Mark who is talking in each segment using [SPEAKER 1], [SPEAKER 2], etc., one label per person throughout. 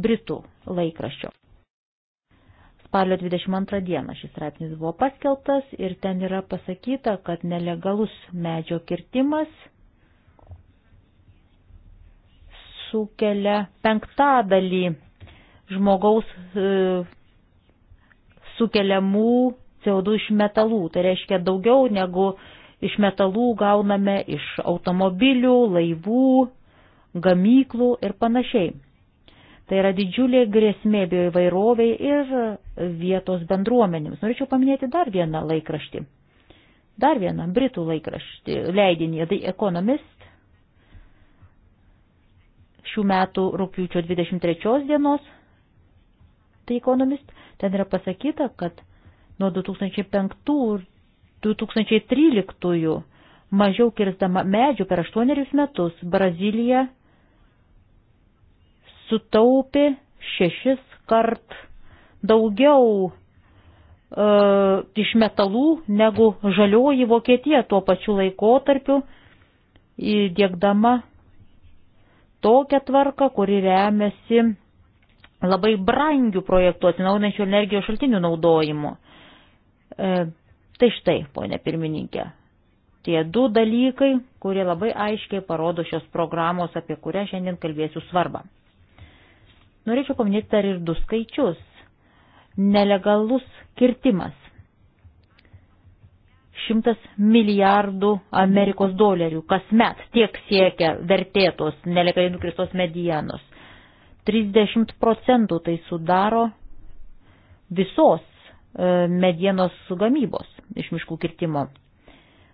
[SPEAKER 1] Britų laikraščio. Spalio 22 dieną šis straipsnis buvo paskeltas ir ten yra pasakyta, kad nelegalus medžio kirtimas sukelia penktadalį žmogaus e, sukeliamų CO2 iš metalų. Tai reiškia daugiau negu iš metalų gauname iš automobilių, laivų, gamyklų ir panašiai. Tai yra didžiulė grėsmė bioįvairoviai ir vietos bendruomenėms. Norėčiau paminėti dar vieną laikraštį. Dar vieną Britų laikraštį, leidinį The Economist. Šių metų rūpiučio 23 dienos The Economist. Ten yra pasakyta, kad nuo 2005-2013 mažiau kirstama medžių per aštuonerius metus Brazilija sutaupė šešis kart daugiau e, iš metalų negu žalioji Vokietija tuo pačiu laikotarpiu įdėkdama tokią tvarką, kuri remiasi labai brangių projektų atsinaujančių energijos šaltinių naudojimu. E, tai štai, ponė pirmininkė, tie du dalykai, kurie labai aiškiai parodo šios programos, apie kurią šiandien kalbėsiu svarbą. Norėčiau paminėti dar ir du skaičius. Nelegalus kirtimas. 100 milijardų Amerikos dolerių kasmet tiek siekia vertėtos nelegaliai nukristos medienos. 30 procentų tai sudaro visos e, medienos gamybos iš miškų kirtimo.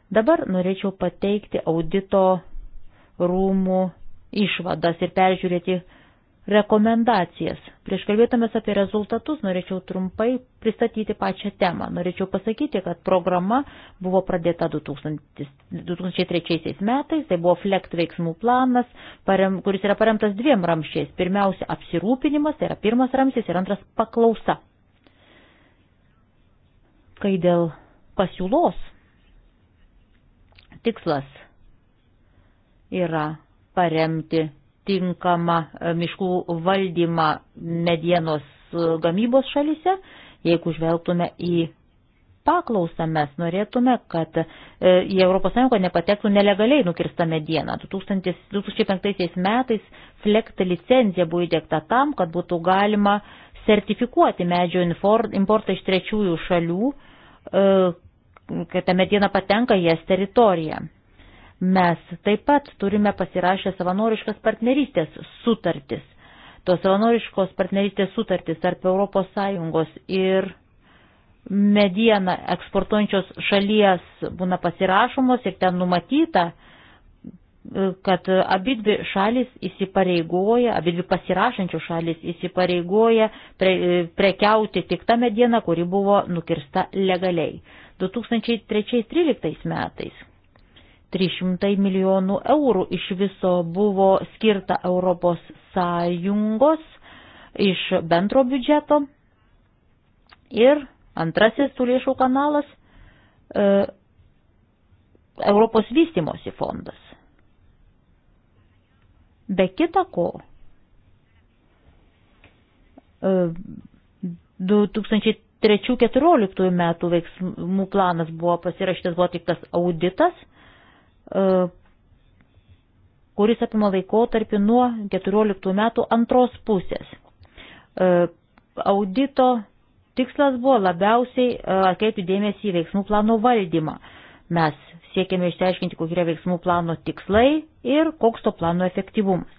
[SPEAKER 1] Dabar norėčiau pateikti audito rūmų išvadas ir peržiūrėti rekomendacijas. Prieš kalbėtumės apie rezultatus, norėčiau trumpai pristatyti pačią temą. Norėčiau pasakyti, kad programa buvo pradėta 2000, 2003 metais, tai buvo FLECT veiksmų planas, parem, kuris yra paremtas dviem ramšiais. Pirmiausia, apsirūpinimas, tai yra pirmas ramšys, ir antras paklausa. Kai dėl pasiūlos tikslas yra paremti tinkamą e, miškų valdymą medienos e, gamybos šalise. Jeigu žvelgtume į paklausą, mes norėtume, kad e, į ES nepatektų nelegaliai nukirsta mediena. 2005 metais flekta licencija buvo įdėkta tam, kad būtų galima sertifikuoti medžio importą iš trečiųjų šalių, kad ta mediena patenka į jas teritoriją. Mes taip pat turime pasirašę savanoriškas partnerystės sutartis. Tos savanoriškos partnerystės sutartis tarp ES ir medieną eksportuojančios šalies būna pasirašomos ir ten numatyta, kad abidvi šalis įsipareigoja, abidvi pasirašančių šalis įsipareigoja pre, prekiauti tik tą medieną, kuri buvo nukirsta legaliai. 2013 metais 300 milijonų eurų iš viso buvo skirta Europos Sąjungos iš bendro biudžeto. Ir antrasis tų lėšų kanalas e, - Europos vystimosi fondas. Be kita ko, 2003-2014 e, metų veiksmų planas buvo pasirašytas, buvo atliktas auditas E, kuris apima laikotarpį nuo 14 metų antros pusės. E, audito tikslas buvo labiausiai e, atkreipti dėmesį į veiksmų plano valdymą. Mes siekėme išsiaiškinti, kokie yra veiksmų plano tikslai ir koks to plano efektyvumas.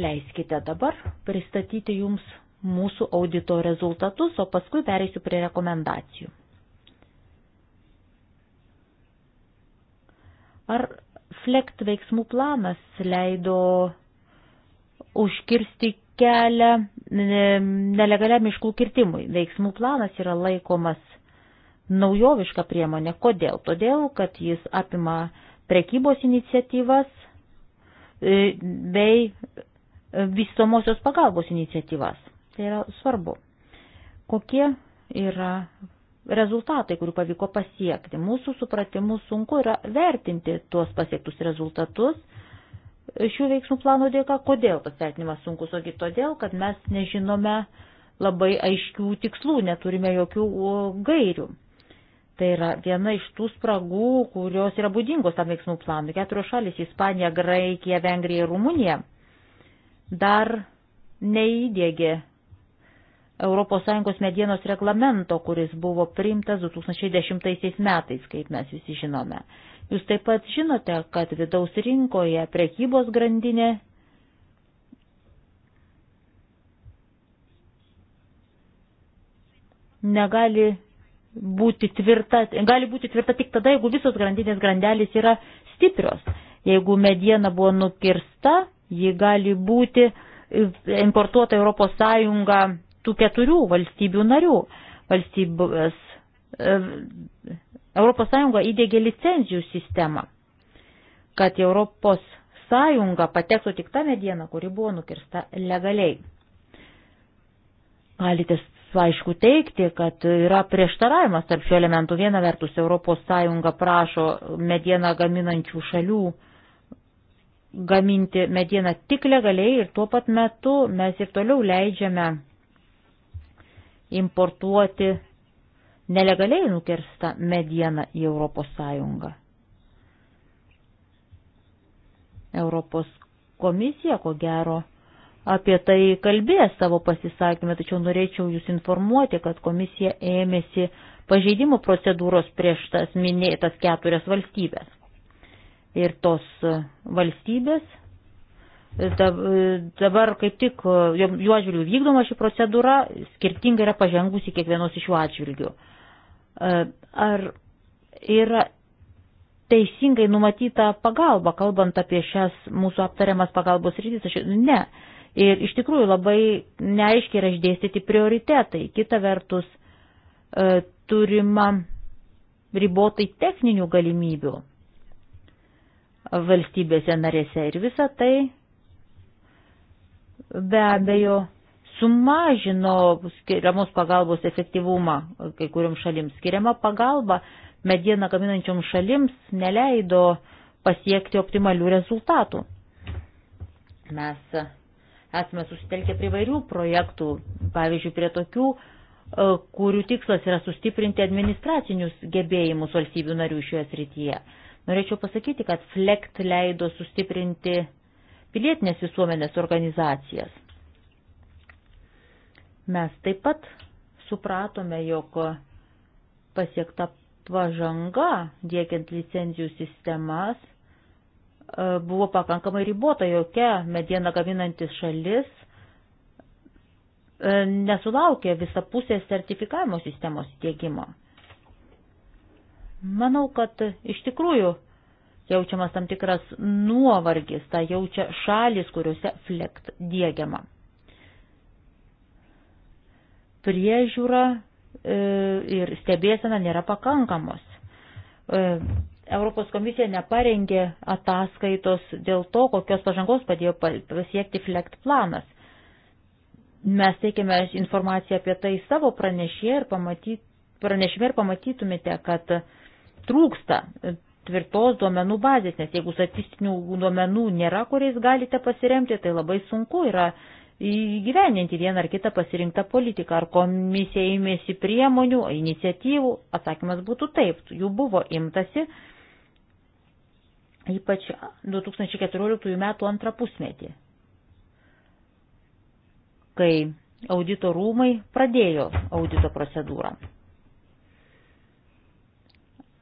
[SPEAKER 1] Leiskite dabar pristatyti jums mūsų audito rezultatus, o paskui pereisiu prie rekomendacijų. Ar flekt veiksmų planas leido užkirsti kelią nelegaliam miškų kirtimui? Veiksmų planas yra laikomas naujoviška priemonė. Kodėl? Todėl, kad jis apima prekybos iniciatyvas e, bei e, vystomosios pagalbos iniciatyvas. Tai yra svarbu. Kokie yra rezultatai, kurių pavyko pasiekti. Mūsų supratimu sunku yra vertinti tuos pasiektus rezultatus šių veiksmų plano dėka. Kodėl tas vertinimas sunkus? Ogi todėl, kad mes nežinome labai aiškių tikslų, neturime jokių gairių. Tai yra viena iš tų spragų, kurios yra būdingos tam veiksmų planui. Keturios šalis - Ispanija, Graikija, Vengrija ir Rumunija - dar neįdėgė ES medienos reglamento, kuris buvo priimtas 2010 metais, kaip mes visi žinome. Jūs taip pat žinote, kad vidaus rinkoje prekybos grandinė negali būti tvirta, gali būti tvirta tik tada, jeigu visos grandinės grandelės yra stiprios. Jeigu mediena buvo nukirsta, ji gali būti importuota Europos Sąjunga tų keturių valstybių narių. Valstybės, e, Europos Sąjunga įdėgė licenzijų sistemą, kad Europos Sąjunga patektų tik tą medieną, kuri buvo nukirsta legaliai. Galite aišku teikti, kad yra prieštaravimas tarp šių elementų. Viena vertus Europos Sąjunga prašo medieną gaminančių šalių gaminti medieną tik legaliai ir tuo pat metu mes ir toliau leidžiame importuoti nelegaliai nukersta mediena į Europos Sąjungą. Europos komisija, ko gero, apie tai kalbės savo pasisakymę, tačiau norėčiau Jūs informuoti, kad komisija ėmėsi pažeidimų procedūros prieš tas minėtas keturias valstybės. Ir tos valstybės Dabar kaip tik jų atžvilgių vykdoma ši procedūra, skirtingai yra pažengusi kiekvienos iš jų atžvilgių. E, ar yra teisingai numatyta pagalba, kalbant apie šias mūsų aptariamas pagalbos rytis? Aš, ne. Ir iš tikrųjų labai neaiškiai yra išdėstyti prioritetai. Kita vertus, e, turima ribotai techninių galimybių valstybėse narėse ir visa tai be abejo sumažino skiriamos pagalbos efektyvumą kai kuriam šalims. Skiriama pagalba medieną gaminančioms šalims neleido pasiekti optimalių rezultatų. Mes esame susitelkę prie vairių projektų, pavyzdžiui, prie tokių, e, kurių tikslas yra sustiprinti administracinius gebėjimus valstybių narių šioje srityje. Norėčiau pasakyti, kad FLECT leido sustiprinti pilietinės visuomenės organizacijas. Mes taip pat supratome, jog pasiekta pažanga, dėkiant licencijų sistemas, e, buvo pakankamai ribota, jokia medieną gaminantis šalis e, nesulaukė visapusės sertifikavimo sistemos įdėgymo. Manau, kad iš tikrųjų jaučiamas tam tikras nuovargis, tą jaučia šalis, kuriuose flekt dėgiama. Priežiūra e, ir stebėsena nėra pakankamos. E, Europos komisija neparengė ataskaitos dėl to, kokios pažangos padėjo pasiekti flekt planas. Mes teikėme informaciją apie tai savo pranešime ir, pamatyt, pranešime ir pamatytumėte, kad trūksta tvirtos duomenų bazės, nes jeigu statistinių duomenų nėra, kuriais galite pasiremti, tai labai sunku yra įgyveninti vieną ar kitą pasirinktą politiką. Ar komisija ėmėsi priemonių, iniciatyvų? Atsakymas būtų taip, jų buvo imtasi, ypač 2014 metų antrą pusmetį, kai audito rūmai pradėjo audito procedūrą.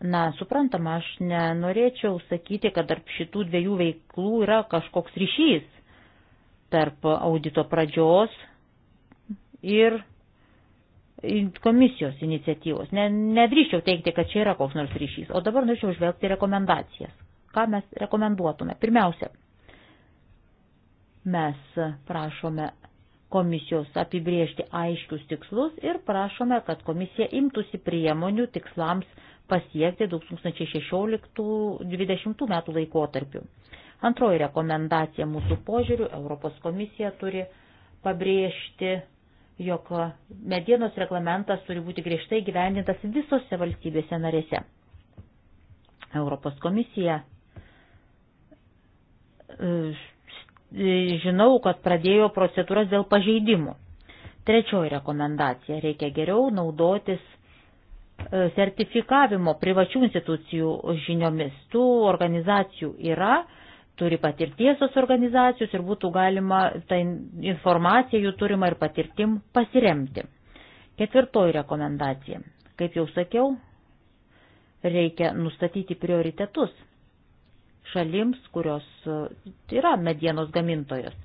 [SPEAKER 1] Na, suprantama, aš nenorėčiau sakyti, kad tarp šitų dviejų veiklų yra kažkoks ryšys tarp audito pradžios ir komisijos iniciatyvos. Ne, nedrįščiau teikti, kad čia yra koks nors ryšys. O dabar norėčiau žvelgti rekomendacijas. Ką mes rekomenduotume? Pirmiausia, mes prašome komisijos apibriežti aiškius tikslus ir prašome, kad komisija imtųsi priemonių tikslams pasiekti 2016-2020 metų laikotarpiu. Antroji rekomendacija mūsų požiūrių - Europos komisija turi pabrėžti, jog medienos reglamentas turi būti griežtai gyvendintas visose valstybėse narėse. Europos komisija e, žinau, kad pradėjo procedūras dėl pažeidimų. Trečioji rekomendacija - reikia geriau naudotis sertifikavimo privačių institucijų žiniomis. Tų organizacijų yra, turi patirties tos organizacijos ir būtų galima tą informaciją jų turimą ir patirtim pasiremti. Ketvirtoji rekomendacija. Kaip jau sakiau, reikia nustatyti prioritetus šalims, kurios e, yra medienos gamintojos.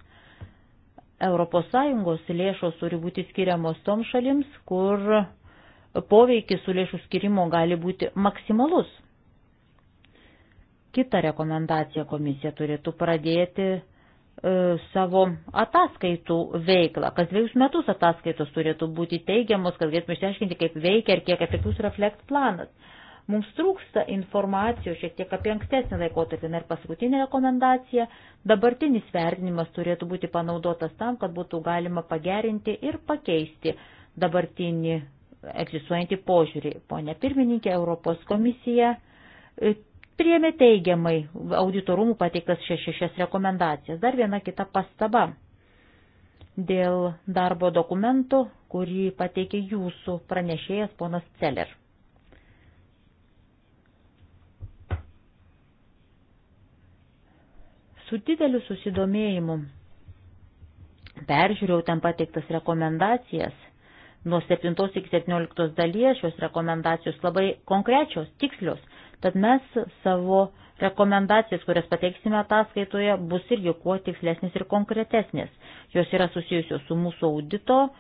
[SPEAKER 1] ES lėšos turi būti skiriamos toms šalims, kur poveikis su lėšų skirimo gali būti maksimalus. Kita rekomendacija komisija turėtų pradėti e, savo ataskaitų veiklą. Kas dviejus metus ataskaitos turėtų būti teigiamos, kad galėtume išsiaiškinti, kaip veikia ir kiek efektyvus reflekt planas. Mums trūksta informacijos šiek tiek apie ankstesnį laikotarpį. Ir paskutinė rekomendacija - dabartinis vertinimas turėtų būti panaudotas tam, kad būtų galima pagerinti ir pakeisti dabartinį egzistuojantį požiūrį. Pone pirmininkė, Europos komisija e, priėmė teigiamai auditorumų pateiktas šešias rekomendacijas. Dar viena kita pastaba dėl darbo dokumento, kurį pateikė jūsų pranešėjas ponas Celer. Su dideliu susidomėjimu peržiūrėjau ten pateiktas rekomendacijas Nuo 7 iki 17 dalies šios rekomendacijos labai konkrečios, tikslios, tad mes savo rekomendacijas, kurias pateiksime ataskaitoje, bus irgi kuo tikslesnės ir konkretesnės. Jos yra susijusios su mūsų audito e,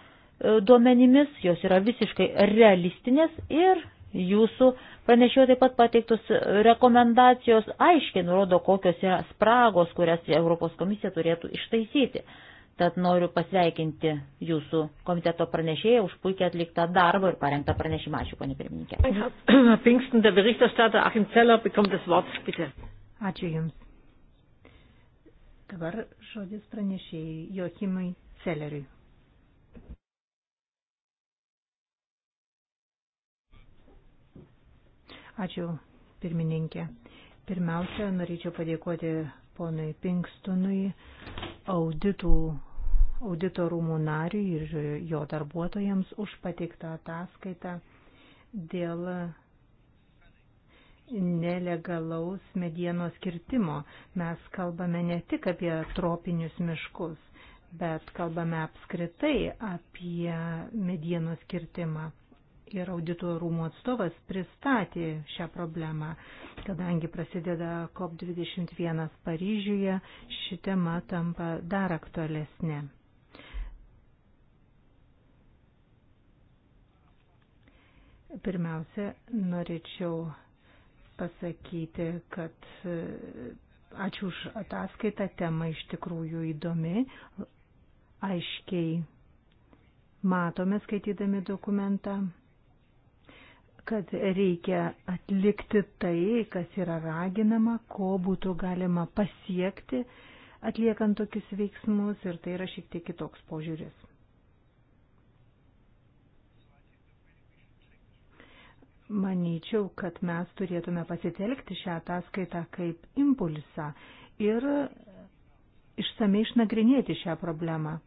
[SPEAKER 1] duomenimis, jos yra visiškai realistinės ir jūsų pranešėjo taip pat pateiktus rekomendacijos aiškiai nurodo, kokios yra spragos, kurias Europos komisija turėtų ištaisyti. Tad noriu pasveikinti jūsų komiteto pranešėją už puikiai atliktą darbą ir parengtą pranešimą. Ačiū, ponė pirmininkė. Ačiū Jums.
[SPEAKER 2] Dabar žodis pranešėjai Joachimui Celeriui. Ačiū, pirmininkė. Pirmiausia, norėčiau padėkoti ponai Pinkstonui, auditų, audito rūmų nariui ir jo darbuotojams už pateiktą ataskaitą dėl nelegalaus medienos kirtimo. Mes kalbame ne tik apie tropinius miškus, bet kalbame apskritai apie medienos kirtimą ir audito rūmų atstovas pristatė šią problemą, kadangi prasideda COP21 Paryžiuje, ši tema tampa dar aktualesnė. Pirmiausia, norėčiau pasakyti, kad e, ačiū už ataskaitą, tema iš tikrųjų įdomi, aiškiai matome skaitydami dokumentą kad reikia atlikti tai, kas yra raginama, ko būtų galima pasiekti, atliekant tokius veiksmus ir tai yra šiek tiek kitoks požiūris. Manyčiau, kad mes turėtume pasitelkti šią ataskaitą kaip impulsą ir išsamei išnagrinėti šią problemą.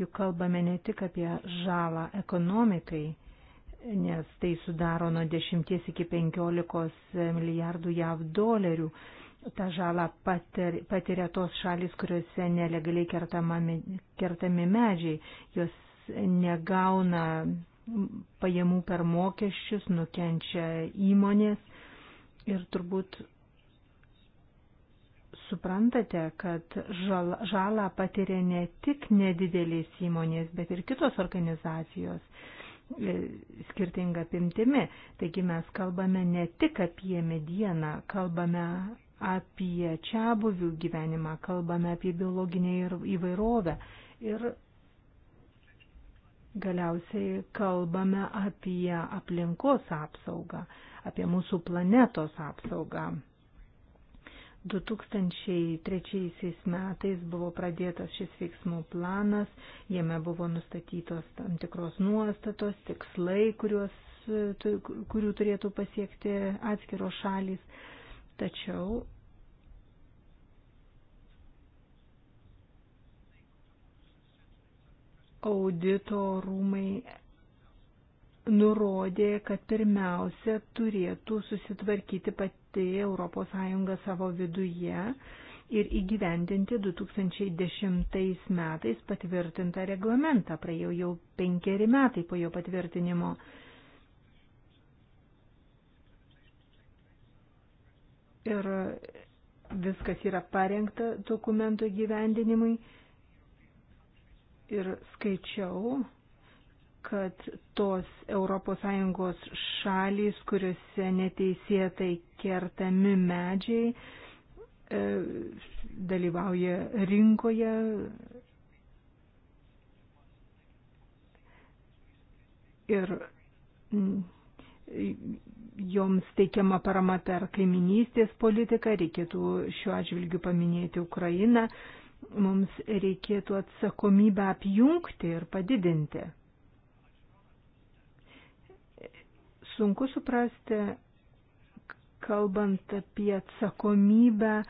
[SPEAKER 2] Juk kalbame ne tik apie žalą ekonomikai, nes tai sudaro nuo 10 iki 15 milijardų JAV dolerių. Ta žala patiria tos šalis, kuriuose nelegaliai kertami, kertami medžiai, jos negauna pajamų per mokesčius, nukenčia įmonės ir turbūt suprantate, kad žalą, žalą patiria ne tik nedidelės įmonės, bet ir kitos organizacijos E, skirtinga pimtimi. Taigi mes kalbame ne tik apie medieną, kalbame apie čia buvių gyvenimą, kalbame apie biologinę įvairovę ir galiausiai kalbame apie aplinkos apsaugą, apie mūsų planetos apsaugą. 2003 metais buvo pradėtas šis veiksmų planas, jame buvo nustatytos tam tikros nuostatos, tikslai, kuriuos, e, kurių turėtų pasiekti atskiros šalis. Tačiau audito rūmai nurodė, kad pirmiausia turėtų susitvarkyti pati ES savo viduje ir įgyvendinti 2010 metais patvirtintą reglamentą, praėjo jau penkeri metai po jo patvirtinimo. Ir viskas yra parengta dokumentų gyvendinimui. Ir skaičiau, kad tos ES šalys, kuriuose neteisėtai kertami medžiai, e, dalyvauja rinkoje. Ir joms teikiama parama per kaiminystės politiką, reikėtų šiuo atžvilgiu paminėti Ukrainą, mums reikėtų atsakomybę apjungti ir padidinti. sunku suprasti, kalbant apie atsakomybę,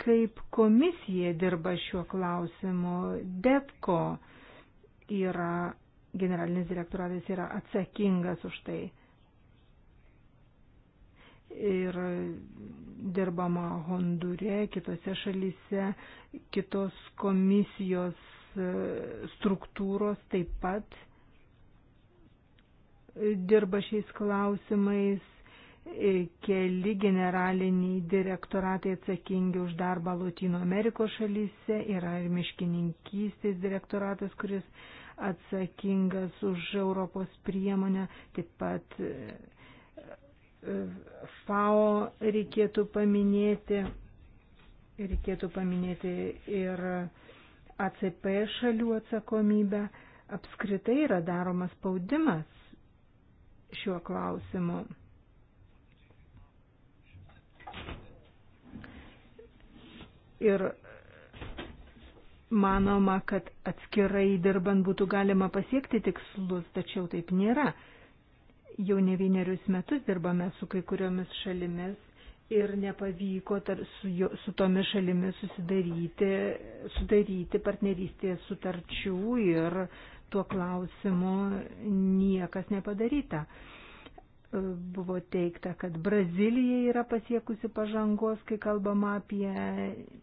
[SPEAKER 2] kaip komisija dirba šiuo klausimu. DEPCO yra, generalinis direktoratas yra atsakingas už tai. Ir dirbama Hondūre, kitose šalyse, kitos komisijos e, struktūros taip pat dirba šiais klausimais, e, keli generaliniai direktoratai atsakingi už darbą Latino Amerikos šalyse, yra ir miškininkystės direktoratas, kuris atsakingas už Europos priemonę, taip pat e, e, FAO reikėtų paminėti, reikėtų paminėti ir ACP šalių atsakomybę. Apskritai yra daromas spaudimas šiuo klausimu. Ir manoma, kad atskirai dirbant būtų galima pasiekti tikslus, tačiau taip nėra. Jau ne vienerius metus dirbame su kai kuriomis šalimis ir nepavyko tar, su, jo, su tomis šalimis susidaryti, sudaryti partnerystės sutarčių ir tuo klausimu niekas nepadaryta. Buvo teikta, kad Brazilija yra pasiekusi pažangos, kai kalbama apie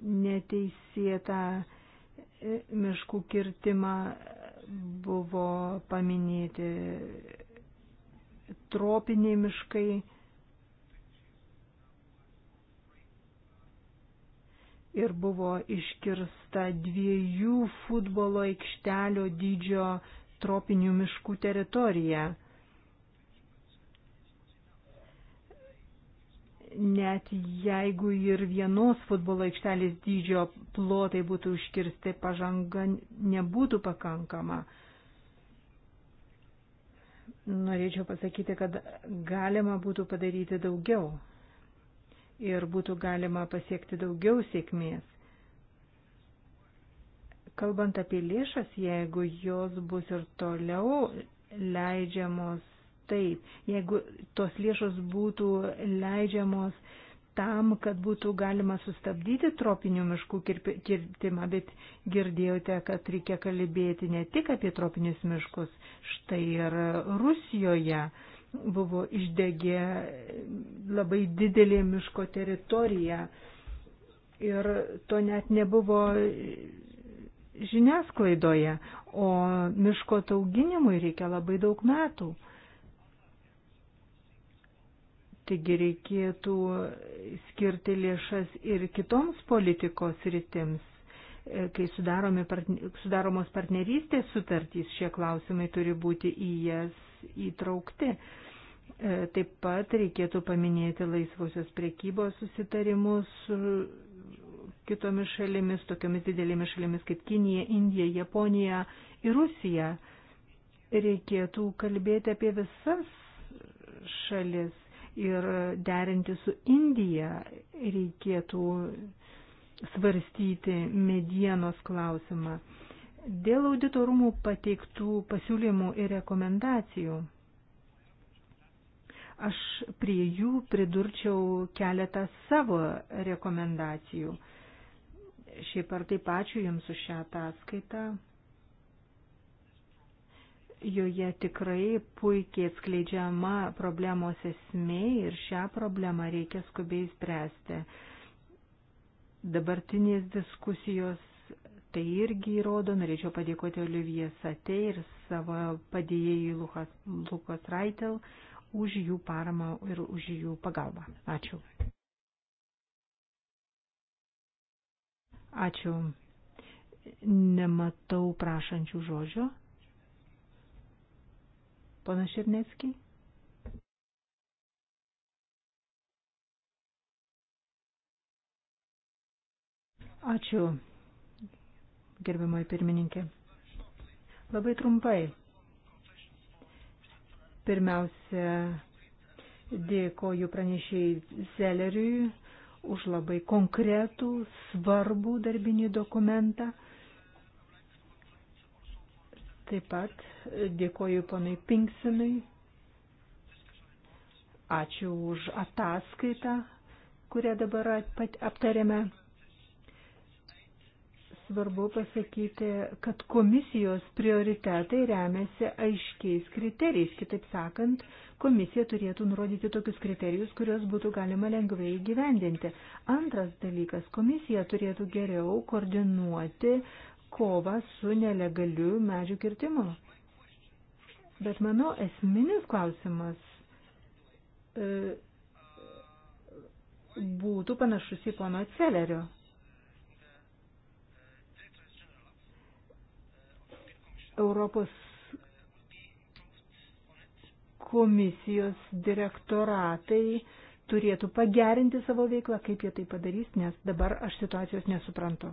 [SPEAKER 2] neteisėtą miškų kirtimą. Buvo paminėti tropiniai miškai ir buvo iškirsta dviejų futbolo aikštelio dydžio tropinių miškų teritorija. Net jeigu ir vienos futbolo aikštelės dydžio plotai būtų užkirsti, pažanga nebūtų pakankama. Norėčiau pasakyti, kad galima būtų padaryti daugiau ir būtų galima pasiekti daugiau sėkmės. Kalbant apie lėšas, jeigu jos bus ir toliau leidžiamos taip, jeigu tos lėšos būtų leidžiamos tam, kad būtų galima sustabdyti tropinių miškų kirtimą, bet girdėjote, kad reikia kalbėti ne tik apie tropinius miškus, štai ir Rusijoje buvo išdegė labai didelė miško teritorija ir to net nebuvo žiniasklaidoje, o miško tauginimui reikia labai daug metų. Taigi reikėtų skirti lėšas ir kitoms politikos rytims. Kai sudaromi, sudaromos partnerystės sutartys, šie klausimai turi būti į jas įtraukti. E, taip pat reikėtų paminėti laisvosios priekybos susitarimus su kitomis šalimis, tokiomis didelėmis šalimis kaip Kinija, Indija, Japonija ir Rusija. Reikėtų kalbėti apie visas šalis ir derinti su Indija reikėtų svarstyti medienos klausimą. Dėl auditorumų pateiktų pasiūlymų ir rekomendacijų aš prie jų pridurčiau keletą savo rekomendacijų. Šiaip ar taip ačiū Jums už šią ataskaitą. Joje tikrai puikiai atskleidžiama problemos esmė ir šią problemą reikia skubiai spręsti. Dabartinės diskusijos tai irgi įrodo. Norėčiau padėkoti Olivie Sate ir savo padėjėjai Lukas, Lukas Raitel už jų paramą ir už jų pagalbą. Ačiū. Ačiū. Nematau prašančių žodžio. Pana Širnecki. Ačiū gerbiamoji pirmininkė. Labai trumpai. Pirmiausia, dėkoju pranešėjai Zeleriui už labai konkretų, svarbų darbinį dokumentą. Taip pat dėkoju ponui Pinksinui. Ačiū už ataskaitą, kurią dabar aptarėme svarbu pasakyti, kad komisijos prioritetai remiasi aiškiais kriterijais. Kitaip sakant, komisija turėtų nurodyti tokius kriterijus, kuriuos būtų galima lengvai įgyvendinti. Antras dalykas, komisija turėtų geriau koordinuoti kovą su nelegaliu medžių kirtimu. Bet mano esminis klausimas e, būtų panašus į pono Celerio Europos komisijos direktoratai turėtų pagerinti savo veiklą, kaip jie tai padarys, nes dabar aš situacijos nesuprantu.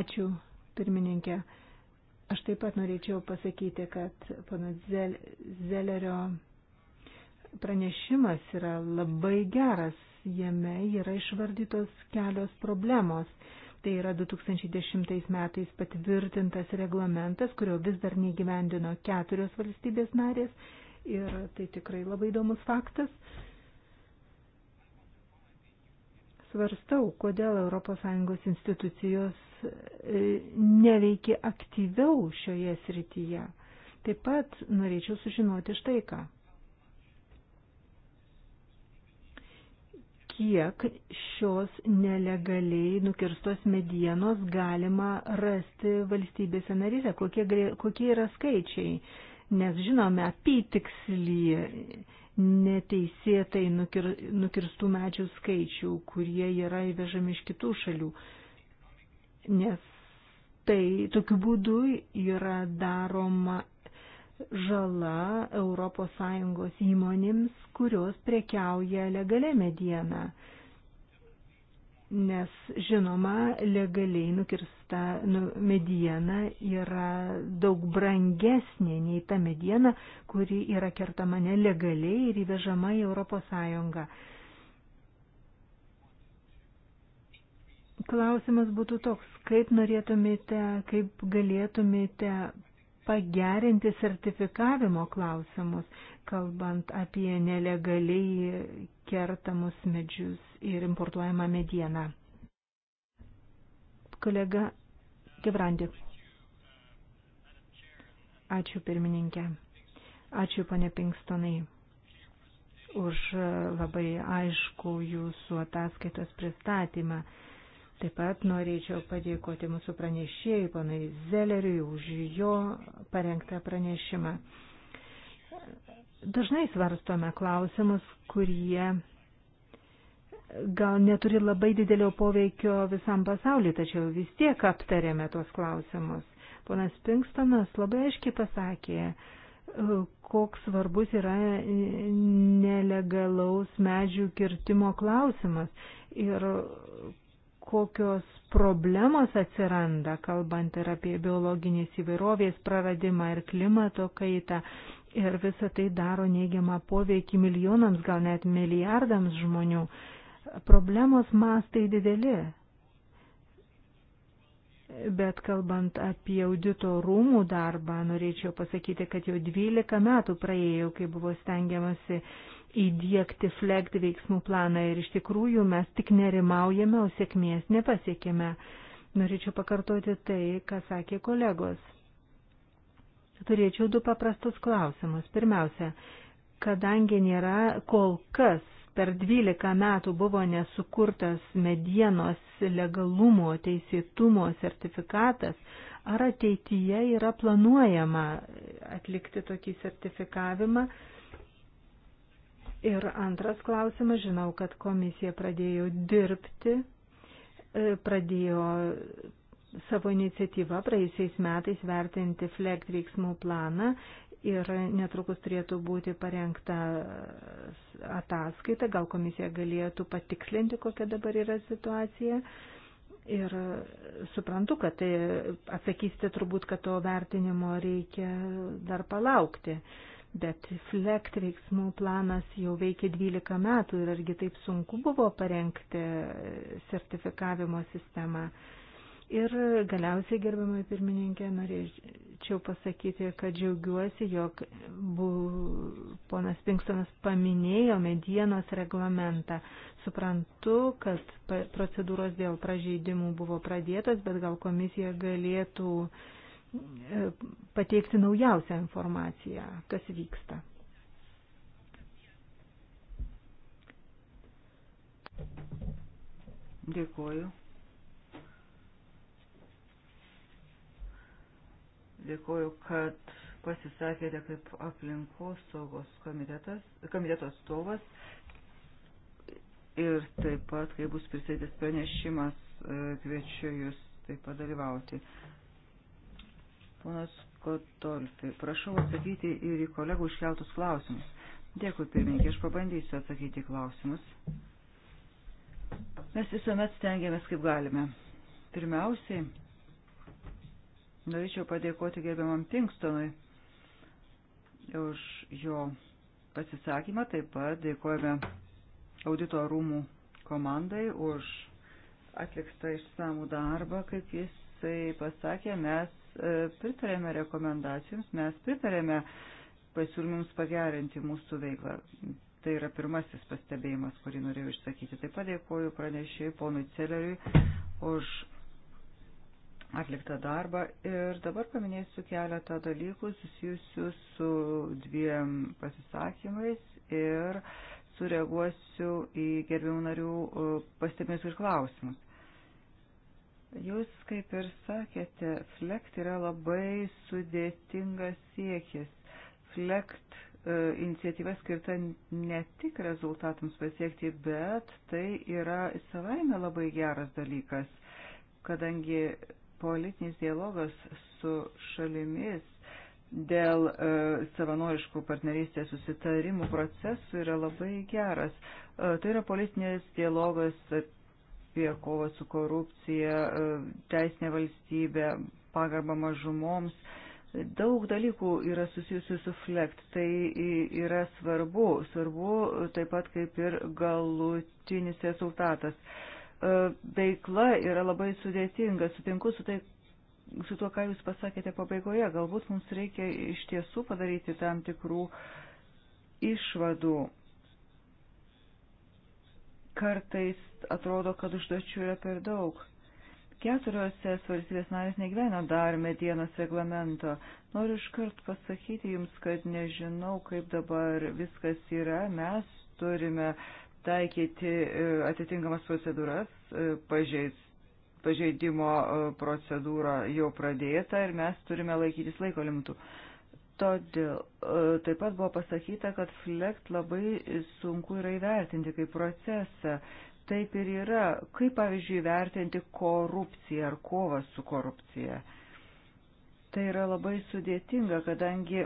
[SPEAKER 2] Ačiū, pirmininkė. Aš taip pat norėčiau pasakyti, kad panas Zel Zelerio pranešimas yra labai geras, jame yra išvardytos kelios problemos. Tai yra 2010 metais patvirtintas reglamentas, kurio vis dar negyvendino keturios valstybės narės ir tai tikrai labai įdomus faktas. Svarstau, kodėl ES institucijos e, neveikia aktyviau šioje srityje. Taip pat norėčiau sužinoti štai ką. kiek šios nelegaliai nukirstos medienos galima rasti valstybėse narise, kokie, kokie yra skaičiai, nes žinome apitikslį neteisėtai nukir, nukirstų medžių skaičių, kurie yra įvežami iš kitų šalių, nes tai tokiu būdu yra daroma žala ES įmonėms, kurios prekiauja legalią medieną. Nes, žinoma, legaliai nukirsta nu, mediena yra daug brangesnė nei ta mediena, kuri yra kertama nelegaliai ir įvežama į ES. Klausimas būtų toks, kaip norėtumėte, kaip galėtumėte pagerinti sertifikavimo klausimus, kalbant apie nelegaliai kertamus medžius ir importuojamą medieną. Kolega Gebrandi. Ačiū pirmininkė. Ačiū, pane Pinkstonai, už labai aišku jūsų ataskaitos pristatymą. Taip pat norėčiau padėkoti mūsų pranešėjai, panai Zeleriui, už jo parengtą pranešimą. Dažnai svarstome klausimus, kurie gal neturi labai didelio poveikio visam pasauliu, tačiau vis tiek aptarėme tuos klausimus. Ponas Pinkstonas labai aiškiai pasakė, koks svarbus yra nelegalaus medžių kirtimo klausimas ir kokios problemos atsiranda, kalbant ir apie biologinės įvairovės praradimą ir klimato kaitą. Ir visa tai daro neigiamą poveikį milijonams, gal net milijardams žmonių. Problemos mastai dideli. Bet kalbant apie audito rūmų darbą, norėčiau pasakyti, kad jau 12 metų praėjo, kai buvo stengiamasi įdėkti flekt veiksmų planą ir iš tikrųjų mes tik nerimaujame, o sėkmės nepasiekime. Norėčiau pakartoti tai, ką sakė kolegos. Turėčiau du paprastus klausimus. Pirmiausia, kadangi nėra kol kas per 12 metų buvo nesukurtas medienos legalumo, teisėtumo sertifikatas, ar ateityje yra planuojama atlikti tokį sertifikavimą? Ir antras klausimas, žinau, kad komisija pradėjo dirbti, e, pradėjo savo iniciatyvą praėjusiais metais vertinti FLEG veiksmų planą ir netrukus turėtų būti parengta ataskaita, gal komisija galėtų patikslinti, kokia dabar yra situacija. Ir suprantu, kad tai atsakysite turbūt, kad to vertinimo reikia dar palaukti. Bet flekt veiksmų planas jau veikia 12 metų ir argi taip sunku buvo parengti sertifikavimo sistemą. Ir galiausiai, gerbiamai pirmininkė, norėčiau pasakyti, kad džiaugiuosi, jog bu, ponas Pinkstonas paminėjo medienos reglamentą. Suprantu, kad procedūros dėl pražeidimų buvo pradėtos, bet gal komisija galėtų e, pateikti naujausią informaciją, kas vyksta.
[SPEAKER 3] Dėkuoju. Dėkuoju, kad pasisakėte kaip aplinkos saugos komiteto atstovas ir taip pat, kai bus pristatytas pranešimas, e, kviečiu jūs taip pat dalyvauti. Ponas Kotolfi, prašau atsakyti ir į kolegų iškeltus klausimus. Dėkui, pirmininkė, aš pabandysiu atsakyti klausimus. Mes visuomet stengiamės kaip galime. Pirmiausiai, Norėčiau padėkoti gerbiamam Tinkstonui už jo pasisakymą. Taip pat dėkojame audito rūmų komandai už atliktą išsamų darbą, kaip jisai pasakė, mes e, pritarėme rekomendacijoms, mes pritarėme pasiūlymams pagerinti mūsų veiklą. Tai yra pirmasis pastebėjimas, kurį norėjau išsakyti. Taip pat dėkoju pranešėjui ponui Celeriui už atliktą darbą ir dabar paminėsiu keletą dalykų susijusių su dviem pasisakymais ir sureaguosiu į gerbimų narių e, pastebėjimus ir klausimus. Jūs, kaip ir sakėte, flekt yra labai sudėtingas siekis. Flekt e, iniciatyva skirta ne tik rezultatams pasiekti, bet tai yra savaime labai geras dalykas, kadangi politinis dialogas su šalimis dėl e, savanoriškų partnerystės susitarimų procesų yra labai geras. E, tai yra politinis dialogas apie kovą su korupcija, e, teisinė valstybė, pagarba mažumoms. Daug dalykų yra susijusių su flekt. Tai yra svarbu. Svarbu taip pat kaip ir galutinis rezultatas. E, E, veikla yra labai sudėtinga. Sutinku su, tai, su tuo, ką Jūs pasakėte pabaigoje. Galbūt mums reikia iš tiesų padaryti tam tikrų išvadų. Kartais atrodo, kad užduočių yra per daug. Keturiose valstybės narės negyvena dar medienos reglamento. Noriu iškart pasakyti Jums, kad nežinau, kaip dabar viskas yra. Mes turime taikyti e, atitinkamas procedūras, e, pažeis, pažeidimo e, procedūra jau pradėta ir mes turime laikytis laiko limitų. Todėl taip pat buvo pasakyta, kad flekt labai sunku yra įvertinti kaip procesą. Taip ir yra, kaip pavyzdžiui įvertinti korupciją ar kovą su korupcija. Tai yra labai sudėtinga, kadangi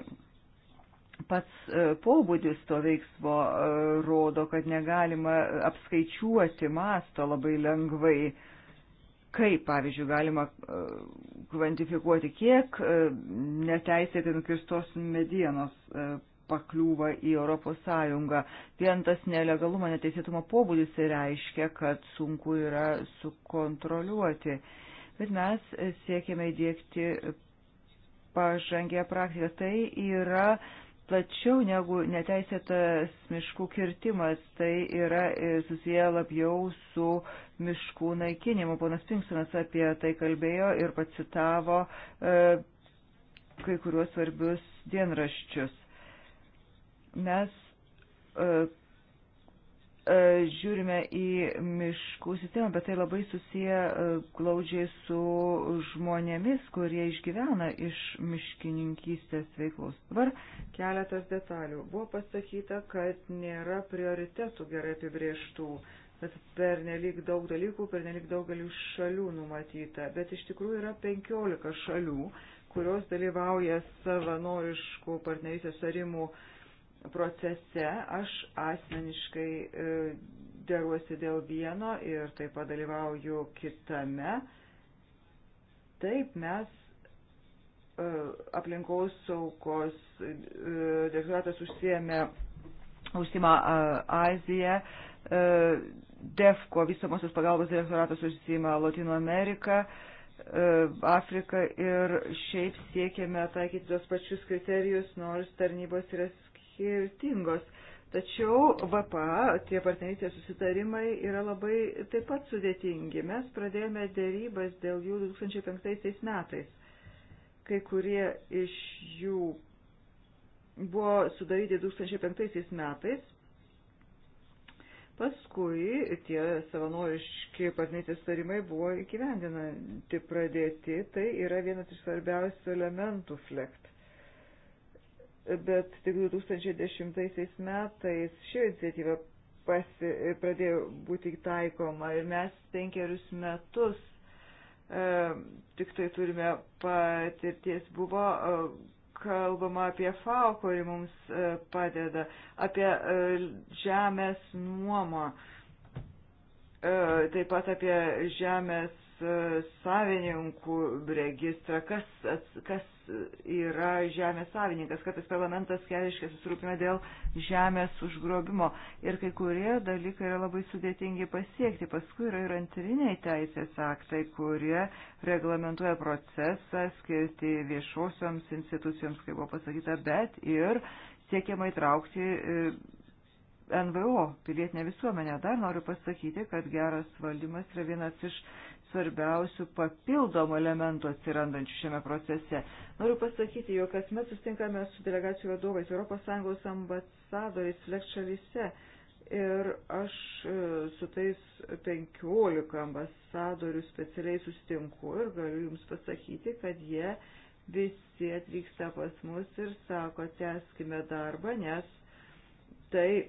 [SPEAKER 3] pats e, pobūdis to veiksmo e, rodo, kad negalima apskaičiuoti masto labai lengvai, kaip, pavyzdžiui, galima e, kvantifikuoti, kiek neteisėtai nukirstos medienos pakliūva į Europos Sąjungą. Vien tas nelegalumo neteisėtumo pobūdis reiškia, kad sunku yra sukontroliuoti. Bet mes siekėme įdėkti pažangę praktiką. Tai yra plačiau negu neteisėtas miškų kirtimas. Tai yra e, susiję labiau su miškų naikinimu. Ponas Pinksonas apie tai kalbėjo ir pacitavo e, kai kuriuos svarbius dienraščius. Mes e, E, žiūrime į miškų sistemą, bet tai labai susiję e, glaudžiai su žmonėmis, kurie išgyvena iš miškininkystės veiklos. Dabar keletas detalių. Buvo pasakyta, kad nėra prioritetų gerai apibrieštų, kad per nelik daug dalykų, per nelik daugelių šalių numatyta, bet iš tikrųjų yra 15 šalių, kurios dalyvauja savanoriškų partnerystės sarimų uh, procese aš asmeniškai e, deruosi dėl vieno ir taip pat dalyvauju kitame. Taip mes e, aplinkos saukos e, deklaratas užsiemė, užsima Aziją, DEFCO visomosios pagalbos direktoratas užsima Latino Ameriką, Afriką ir šiaip siekėme taikyti tos pačius kriterijus, nors tarnybos yra skirtingos. Tačiau VPA, tie partnerystės susitarimai yra labai taip pat sudėtingi. Mes pradėjome dėrybas dėl jų 2005 metais. Kai kurie iš jų buvo sudaryti 2005 metais. Paskui tie savanoriški partnerystės sutarimai buvo įgyvendinanti pradėti. Tai yra vienas iš svarbiausių elementų flekt bet tik 2010 metais ši iniciatyva pasi, pradėjo būti taikoma ir mes penkerius metus e, tik tai turime patirties buvo. E, kalbama apie FAO, kuri mums e, padeda, apie e, žemės nuomą, e, taip pat apie žemės savininkų registrą, kas, kas yra žemės savininkas, kartais parlamentas keliškai susirūpina dėl žemės užgrobimo ir kai kurie dalykai yra labai sudėtingi pasiekti. Paskui yra ir antriniai teisės aktai, kurie reglamentuoja procesą skirti viešosioms institucijoms, kaip buvo pasakyta, bet ir siekiama įtraukti e, NVO, pilietinė visuomenė. Dar noriu pasakyti, kad geras valdymas yra vienas iš svarbiausių papildomų elementų atsirandančių šiame procese. Noriu pasakyti, jog kasmet sustinkame su delegacijų vadovais ES ambasadoriais lekšalyse ir aš e, su tais 15 ambasadorių specialiai sustinku ir galiu Jums pasakyti, kad jie visi atvyksta pas mus ir sako, teskime darbą, nes tai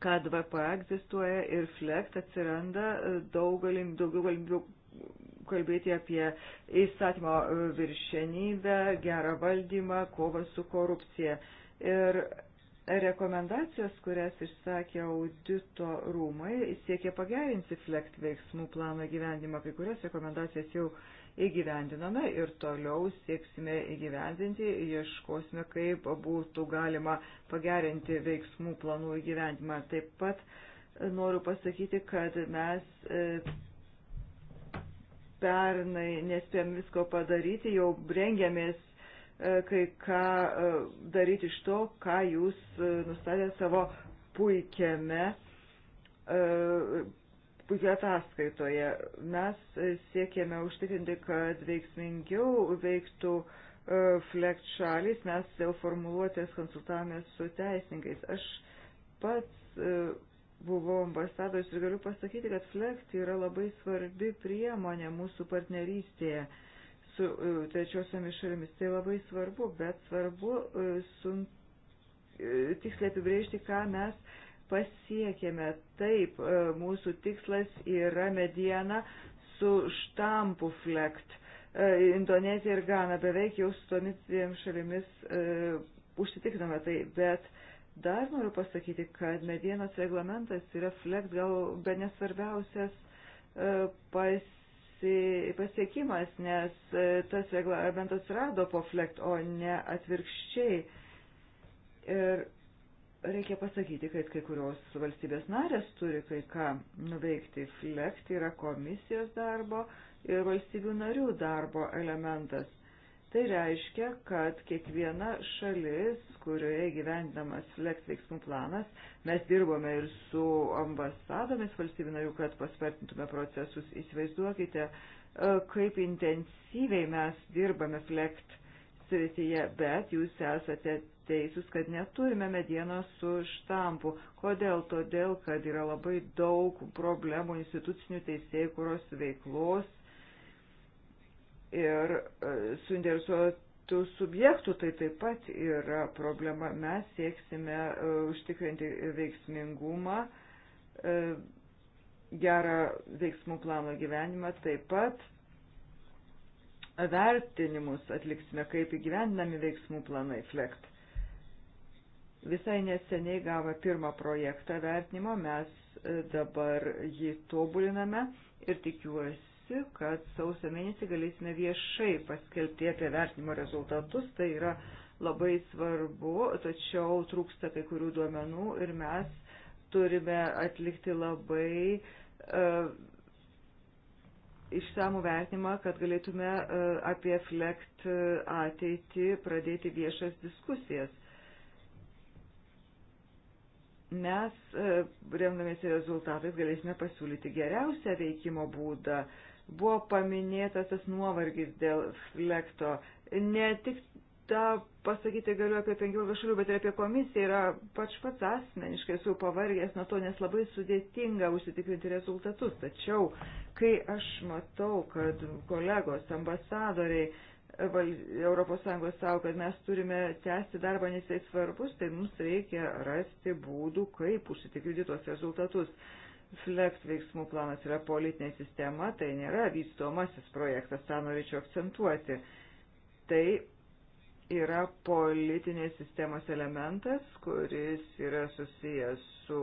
[SPEAKER 3] kad VPA egzistuoja ir FLECT atsiranda e, daug galim, daugiau galimybių kalbėti apie įstatymo e, viršenybę, gerą valdymą, kovą su korupcija. Ir rekomendacijos, kurias išsakė audito rūmai, siekia pagerinti FLECT veiksmų plano gyvendimą. Kai kurias rekomendacijas jau uh, įgyvendinome ir toliau sieksime įgyvendinti, ieškosime, kaip būtų galima pagerinti veiksmų planų įgyvendimą. Taip pat e, noriu pasakyti, kad mes e, pernai nespėjom visko padaryti, jau rengiamės e, kai ką daryti iš to, ką jūs nustatėte savo puikiame puikioje ataskaitoje. Mes siekėme užtikrinti, kad veiksmingiau veiktų e, flekt šalis, mes dėl formuluotės konsultavomės su teisininkais. Aš pats e, buvau ambasadorius ir galiu pasakyti, kad flekt yra labai svarbi priemonė mūsų partnerystėje su e, trečiosiomis šalimis. Tai labai svarbu, bet svarbu sun... tiksliai apibrėžti, ką mes pasiekėme. Taip, e, mūsų tikslas yra mediena su štampu flekt. E, Indonezija ir Gana beveik jau su tomis dviem šalimis e, užsitikrinome tai, bet dar noriu pasakyti, kad medienos reglamentas yra flekt gal be nesvarbiausias e, pasi, pasiekimas, nes e, tas reglamentas rado po flekt, o ne atvirkščiai. Ir Reikia pasakyti, kad kai kurios valstybės narės turi kai ką nuveikti. Flekt tai yra komisijos darbo ir valstybių narių darbo elementas. Tai reiškia, kad kiekviena šalis, kurioje gyvendamas FLEX veiksmų planas, mes dirbome ir su ambasadomis valstybių narių, kad paspartintume procesus. Įsivaizduokite, e, kaip intensyviai mes dirbame FLEX srityje, bet jūs esate teisūs, kad neturime medienos su štampu. Kodėl? Todėl, kad yra labai daug problemų institucinių teisėjų, kurios veiklos ir e, suinteresuotų subjektų tai taip pat yra problema. Mes sieksime e, užtikrinti veiksmingumą e, gerą veiksmų plano gyvenimą, taip pat vertinimus atliksime, kaip įgyvendinami veiksmų planai FLECT. Visai neseniai gavo pirmą projektą vertinimo, mes e, dabar jį tobuliname ir tikiuosi, kad sausio mėnesį galėsime viešai paskelbti apie vertinimo rezultatus. Tai yra labai svarbu, tačiau trūksta kai kurių duomenų ir mes turime atlikti labai uh, išsamų vertinimą, kad galėtume e, apie FLECT ateitį pradėti viešas diskusijas mes, e, remdamėsi rezultatais, galėsime pasiūlyti geriausią veikimo būdą. Buvo paminėtas tas nuovargis dėl flekto. Ne tik tą pasakyti galiu apie 15 šalių, bet ir apie komisiją yra pač pats asmeniškai esu pavargęs nuo to, nes labai sudėtinga užsitikrinti rezultatus. Tačiau, kai aš matau, kad kolegos ambasadoriai Europos Sąjungos savo, kad mes turime tęsti darbą, nes jisai svarbus, tai mums reikia rasti būdų, kaip užsitikrinti tuos rezultatus. Flekt veiksmų planas yra politinė sistema, tai nėra vystomasis projektas, tą norėčiau akcentuoti. Tai yra politinės sistemos elementas, kuris yra susijęs su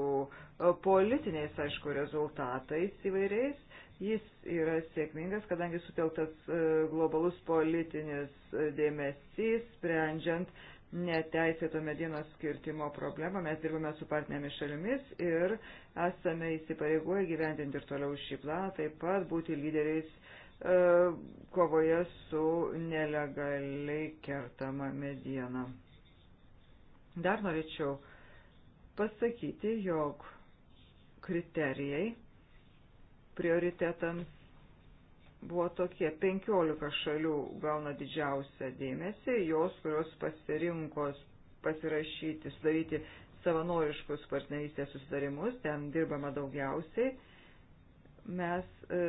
[SPEAKER 3] politiniais, aišku, rezultatais įvairiais Jis yra sėkmingas, kadangi suteltas e, globalus politinis e, dėmesys, sprendžiant neteisėto medienos skirtimo problemą. Mes dirbame su partinėmis šalimis ir esame įsipareigoję gyvendinti ir toliau šį planą, taip pat būti lyderiais e, kovoje su nelegaliai kertama mediena. Dar norėčiau pasakyti, jog kriterijai prioritetams buvo tokie 15 šalių gauna didžiausią dėmesį, jos, kurios pasirinkos pasirašyti, sudaryti savanoriškus partnerystės susidarimus, ten dirbama daugiausiai. Mes e,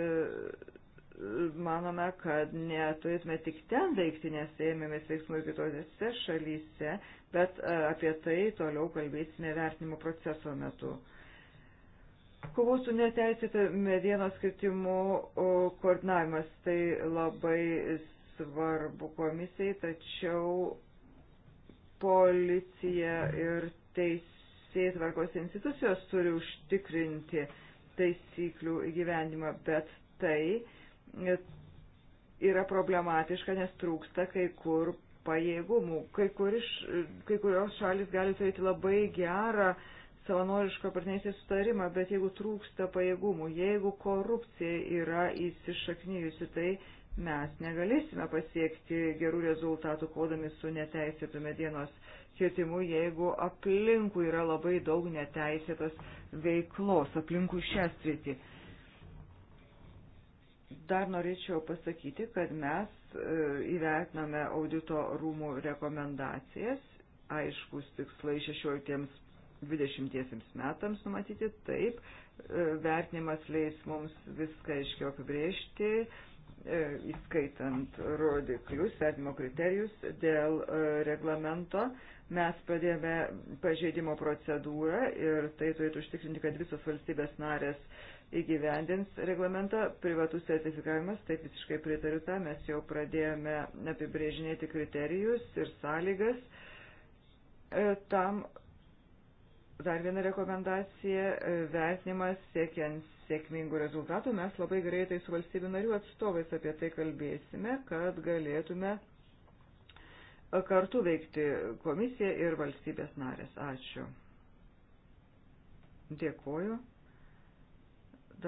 [SPEAKER 3] manome, kad neturėtume tik ten veikti, nes ėmėmės veiksmų ir kitose šalyse, bet e, apie tai toliau kalbėsime vertinimo proceso metu. E, Kovos su neteisėta medienos kirtimu koordinavimas tai labai svarbu komisijai, tačiau policija ir teisėjai tvarkos institucijos turi užtikrinti taisyklių įgyvendimą, bet tai yra problematiška, nes trūksta kai kur pajėgumų. Kai, kur iš, kai kurios šalis gali turėti labai gerą uh, savanorišką partnerystės sutarimą, bet jeigu trūksta pajėgumų, jeigu korupcija yra įsišaknyjusi, tai mes negalėsime pasiekti gerų rezultatų, kodami su neteisėtų medienos kirtimu, jeigu aplinkų yra labai daug neteisėtos veiklos, aplinkų šią sritį. Dar norėčiau pasakyti, kad mes e, įvertiname audito rūmų rekomendacijas aiškus tikslai 16 20 metams numatyti, taip, e, vertinimas leis mums viską aiškiau apibriežti, e, įskaitant rodiklius, vertinimo kriterijus dėl e, reglamento. Mes pradėjome pažeidimo procedūrą ir tai turėtų užtikrinti, kad visos valstybės narės įgyvendins reglamentą. Privatus sertifikavimas, taip visiškai pritariu tą, mes jau pradėjome apibrėžinėti kriterijus ir sąlygas tam, Dar viena rekomendacija e, - vertinimas siekiant sėkmingų rezultatų. Mes labai greitai su valstybių narių atstovais apie tai kalbėsime, kad galėtume e, kartu veikti komisija ir valstybės narės. Ačiū. Dėkoju.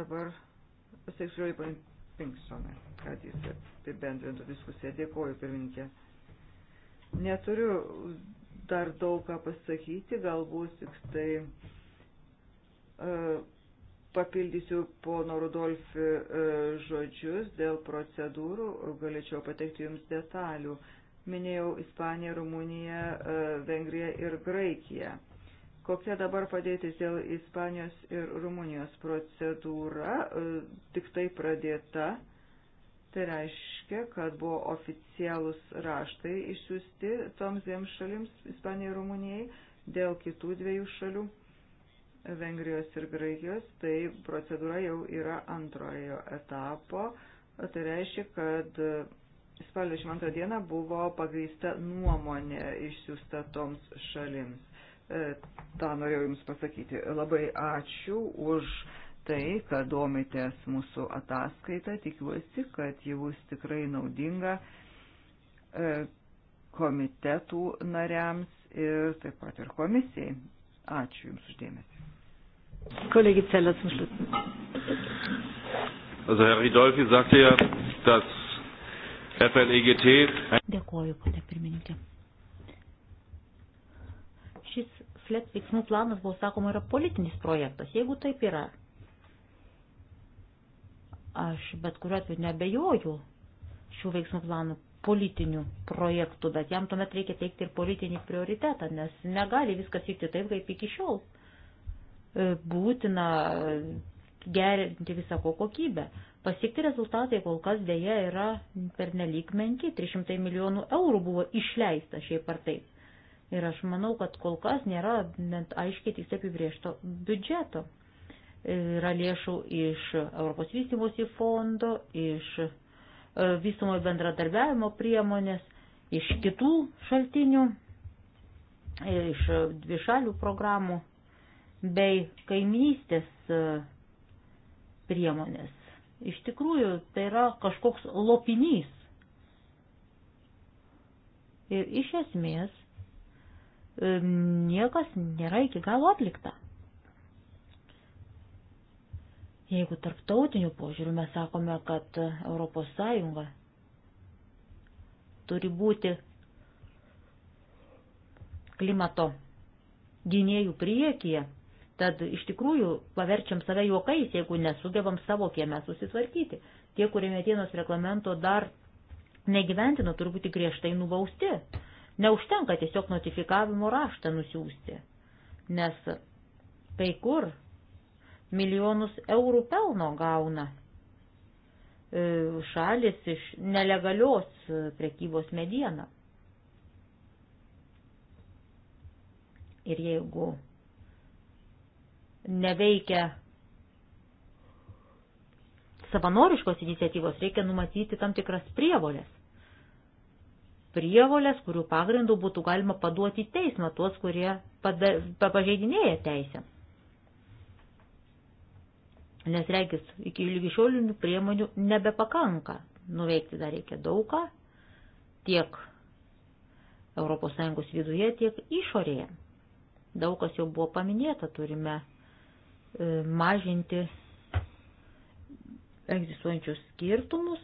[SPEAKER 3] Dabar pasieksiu į Pinksoną, kad jis apibendrintų diskusiją. Dėkoju, pirmininkė. Neturiu dar daug ką pasakyti, galbūt tik tai uh, papildysiu pono Rudolfi uh, žodžius dėl procedūrų, galėčiau pateikti jums detalių. Minėjau Ispaniją, Rumuniją, uh, Vengriją ir Graikiją. Kokia dabar padėtis dėl Ispanijos ir Rumunijos procedūra, tik tai pradėta Tai reiškia, kad buvo oficialūs raštai išsiųsti toms dviem šalims, Ispanijai ir Rumunijai, dėl kitų dviejų šalių, Vengrijos ir Graikijos, tai procedūra jau yra antrojo etapo. Tai reiškia, kad spalio 22 dieną buvo pagrįsta nuomonė išsiųsta toms šalims. E, Ta norėjau Jums pasakyti. Labai ačiū už tai, kad domitės mūsų ataskaitą. Tikiuosi, kad ji bus tikrai naudinga e, komitetų nariams ir taip pat ir komisijai. Ačiū Jums uždėmesi.
[SPEAKER 2] Kolegė Celler zum Schluss. Also Herr Ridolfi sagte
[SPEAKER 1] ja, dass FLEGT. Dėkuoju, pane pirmininkė. Šis flet veiksmų planas, buvo sakoma, yra politinis projektas. Jeigu taip yra, Aš bet kuriuo atveju nebejoju šių veiksmų planų politinių projektų, bet jam tuomet reikia teikti ir politinį prioritetą, nes negali viskas vykti taip, kaip iki šiol. E, būtina e, gerinti visako kokybę. Pasiekti rezultatai kol kas dėja yra pernelyg menki, 300 milijonų eurų buvo išleista šiaip ar taip. Ir aš manau, kad kol kas nėra bent aiškiai tiksliai apibriešto biudžeto yra lėšų iš Europos vystimosi fondo, iš e, vystumo bendradarbiavimo priemonės, iš kitų šaltinių, e, iš dvišalių programų bei kaimynystės e, priemonės. Iš tikrųjų, tai yra kažkoks lopinys. Ir iš esmės niekas nėra iki galo atlikta. Jeigu tarptautiniu požiūriu mes sakome, kad ES turi būti klimato gynėjų priekyje, tad iš tikrųjų paverčiam save juokais, jeigu nesugebam savo kieme susitvarkyti. Tie, kurie medienos reglamento dar negyventino, turi būti griežtai nubausti. Neužtenka tiesiog notifikavimo raštą nusiųsti, nes kai kur milijonus eurų pelno gauna e, šalis iš nelegalios e, prekybos medieną. Ir jeigu neveikia savanoriškos iniciatyvos, reikia numatyti tam tikras prievolės. Prievolės, kurių pagrindų būtų galima paduoti į teismą tuos, kurie pažeidinėja teisę. Nes reikis iki lygišiolinių priemonių nebepakanka. Nuveikti dar reikia daugą tiek ES viduje, tiek išorėje. Daug kas jau buvo paminėta, turime e, mažinti egzistuojančius skirtumus.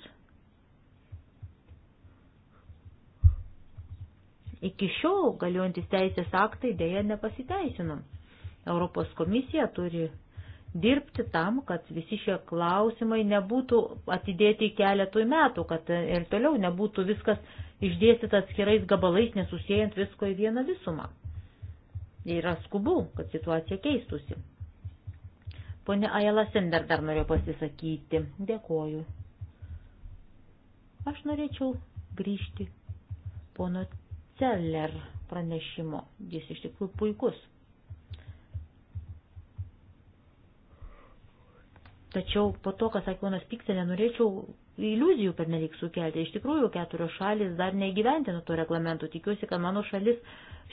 [SPEAKER 1] Iki šiol galiuojantis teisės aktai dėja nepasiteisino. Europos komisija turi dirbti tam, kad visi šie klausimai nebūtų atidėti keletui metų, kad ir toliau nebūtų viskas išdėstyta atskirais gabalais, nesusijęjant visko į vieną visumą. Yra skubu, kad situacija keistusi. Pone Ajala Sender dar norėjo pasisakyti. Dėkoju. Aš norėčiau grįžti pono Celler pranešimo. Jis iš tikrųjų puikus. Tačiau po to, kas sakė ponas Pikse, nenorėčiau iliuzijų per nelik sukelti. Iš tikrųjų, keturios šalis dar neįgyventino to reglamento. Tikiuosi, kad mano šalis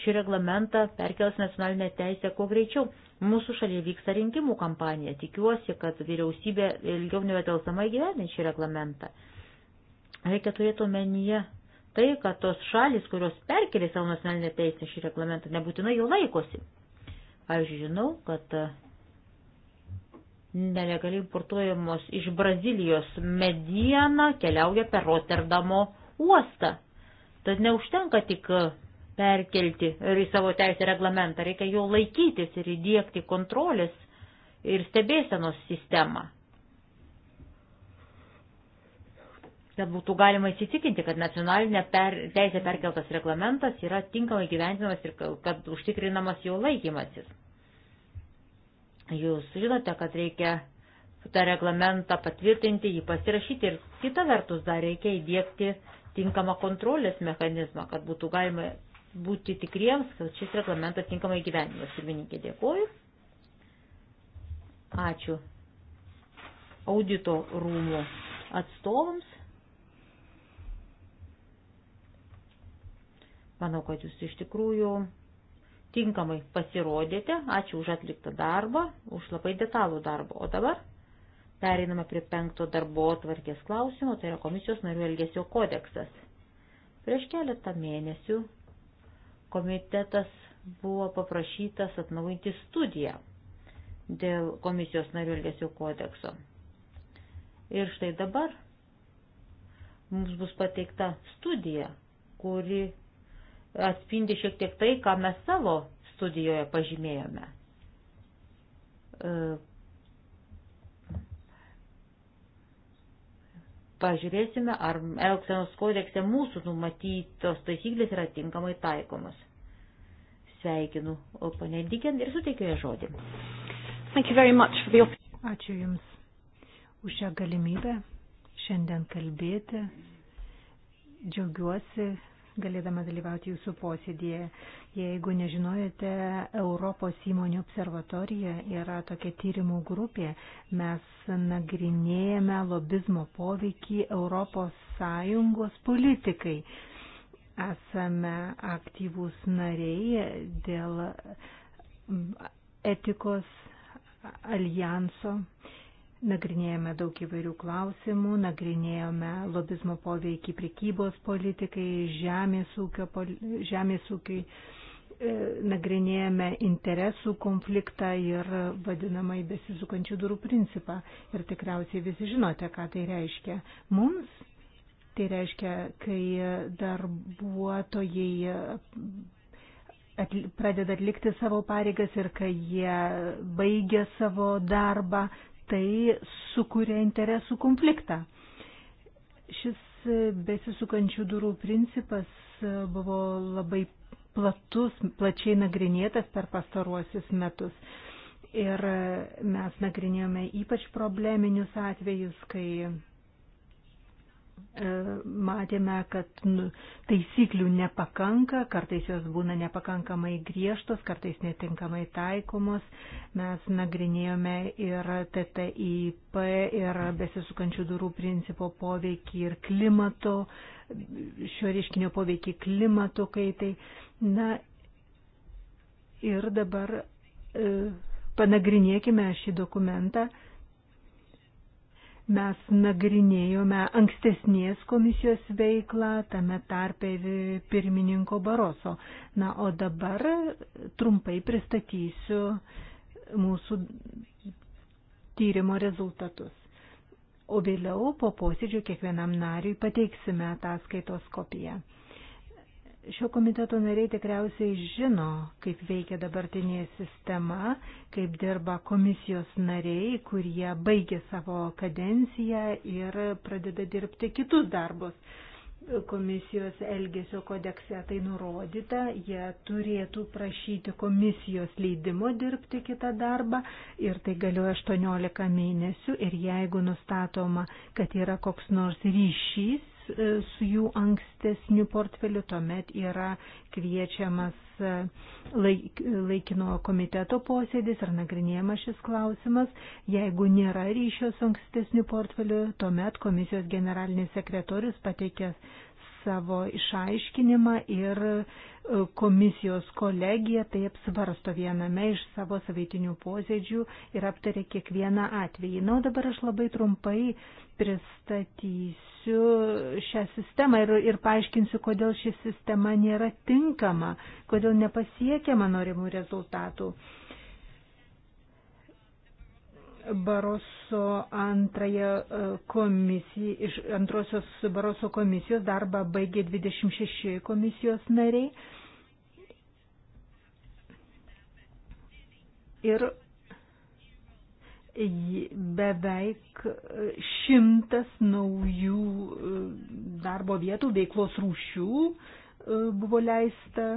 [SPEAKER 1] šį reglamentą perkels nacionalinę teisę kuo greičiau. Mūsų šalyje vyksta rinkimų kampanija. Tikiuosi, kad vyriausybė ilgiau nevetelsama įgyvendint šį reglamentą. Reikia turėti omenyje tai, kad tos šalis, kurios perkelė savo nacionalinę teisę šį reglamentą, nebūtinai jo laikosi. Aš žinau, kad nelegaliai importuojamos iš Brazilijos mediena keliauja per Rotterdamo uostą. Tad neužtenka tik perkelti ir į savo teisę reglamentą, reikia jo laikytis ir įdėkti kontrolės ir stebėsenos sistemą. Kad būtų galima įsitikinti, kad nacionalinė per, teisė perkeltas reglamentas yra tinkamai gyventinamas ir kad užtikrinamas jo laikymasis. Jūs žinote, kad reikia tą reglamentą patvirtinti, jį pasirašyti ir kita vertus dar reikia įdėkti tinkamą kontrolės mechanizmą, kad būtų galima būti tikriems, kad šis reglamentas tinkamai gyvenimas. Pirmininkė, dėkoju. Ačiū audito rūmų atstovams. Manau, kad jūs iš tikrųjų tinkamai pasirodėte. Ačiū už atliktą darbą, už labai detalų darbą. O dabar pereiname prie penkto darbo tvarkės klausimo, tai yra komisijos narių elgesio kodeksas. Prieš keletą mėnesių komitetas buvo paprašytas atnaujinti studiją dėl komisijos narių elgesio kodekso. Ir štai dabar mums bus pateikta studija, kuri atspindi šiek tiek tai, ką mes savo studijoje pažymėjome. E, pažiūrėsime, ar Elksenos kodekse mūsų numatytos taisyklės yra tinkamai taikomas. Sveikinu, ponė Dikent, ir suteikiu ją žodį.
[SPEAKER 2] The... Ačiū Jums už šią galimybę šiandien kalbėti. Džiaugiuosi galėdama dalyvauti jūsų posėdėje. Jeigu nežinojate, Europos įmonių observatorija yra tokia tyrimų grupė. Mes nagrinėjame lobizmo poveikį ES politikai. Esame aktyvūs nariai dėl etikos alijanso. Nagrinėjame daug įvairių klausimų, nagrinėjome lobizmo poveikį prekybos politikai, žemės, ūkio, žemės ūkiai, e, nagrinėjame interesų konfliktą ir vadinamai besisukančių durų principą. Ir tikriausiai visi žinote, ką tai reiškia. Mums tai reiškia, kai darbuotojai pradeda atlikti savo pareigas ir kai jie baigia savo darbą, tai sukuria interesų konfliktą. Šis besisukančių durų principas buvo labai platus, plačiai nagrinėtas per pastaruosius metus. Ir mes nagrinėjome ypač probleminius atvejus, kai E, matėme, kad nu, taisyklių nepakanka, kartais jos būna nepakankamai griežtos, kartais netinkamai taikomos. Mes nagrinėjome ir TTIP, ir besisukančių durų principo poveikį, ir klimato, šio reiškinio poveikį klimato kaitai. Na ir dabar e, panagrinėkime šį dokumentą. Mes nagrinėjome ankstesnės komisijos veiklą, tame tarpe pirmininko Baroso. Na, o dabar trumpai pristatysiu mūsų tyrimo rezultatus. O vėliau po posėdžio kiekvienam nariui pateiksime ataskaitos kopiją. Šio komiteto nariai tikriausiai žino, kaip veikia dabartinė sistema, kaip dirba komisijos nariai, kurie baigė savo kadenciją ir pradeda dirbti kitus darbus. Komisijos elgesio kodekse tai nurodyta, jie turėtų prašyti komisijos leidimo dirbti kitą darbą ir tai galioja 18 mėnesių ir jeigu nustatoma, kad yra koks nors ryšys E, su jų ankstesniu portfeliu, tuomet yra kviečiamas e, laikinojo komiteto posėdis ir nagrinėjamas šis klausimas. Jeigu nėra ryšio su ankstesniu portfeliu, tuomet komisijos generalinis sekretorius pateikė savo išaiškinimą ir e, komisijos kolegija tai apsvarsto viename iš savo savaitinių posėdžių ir aptarė kiekvieną atvejį. Na, o dabar aš labai trumpai pristatysiu šią sistemą ir, ir paaiškinsiu, kodėl ši sistema nėra tinkama, kodėl nepasiekiama norimų rezultatų. Baroso antrąją e, komisiją, iš antrosios Baroso komisijos darbą baigė 26 komisijos nariai. Ir beveik šimtas naujų e, darbo vietų veiklos rūšių e, buvo leista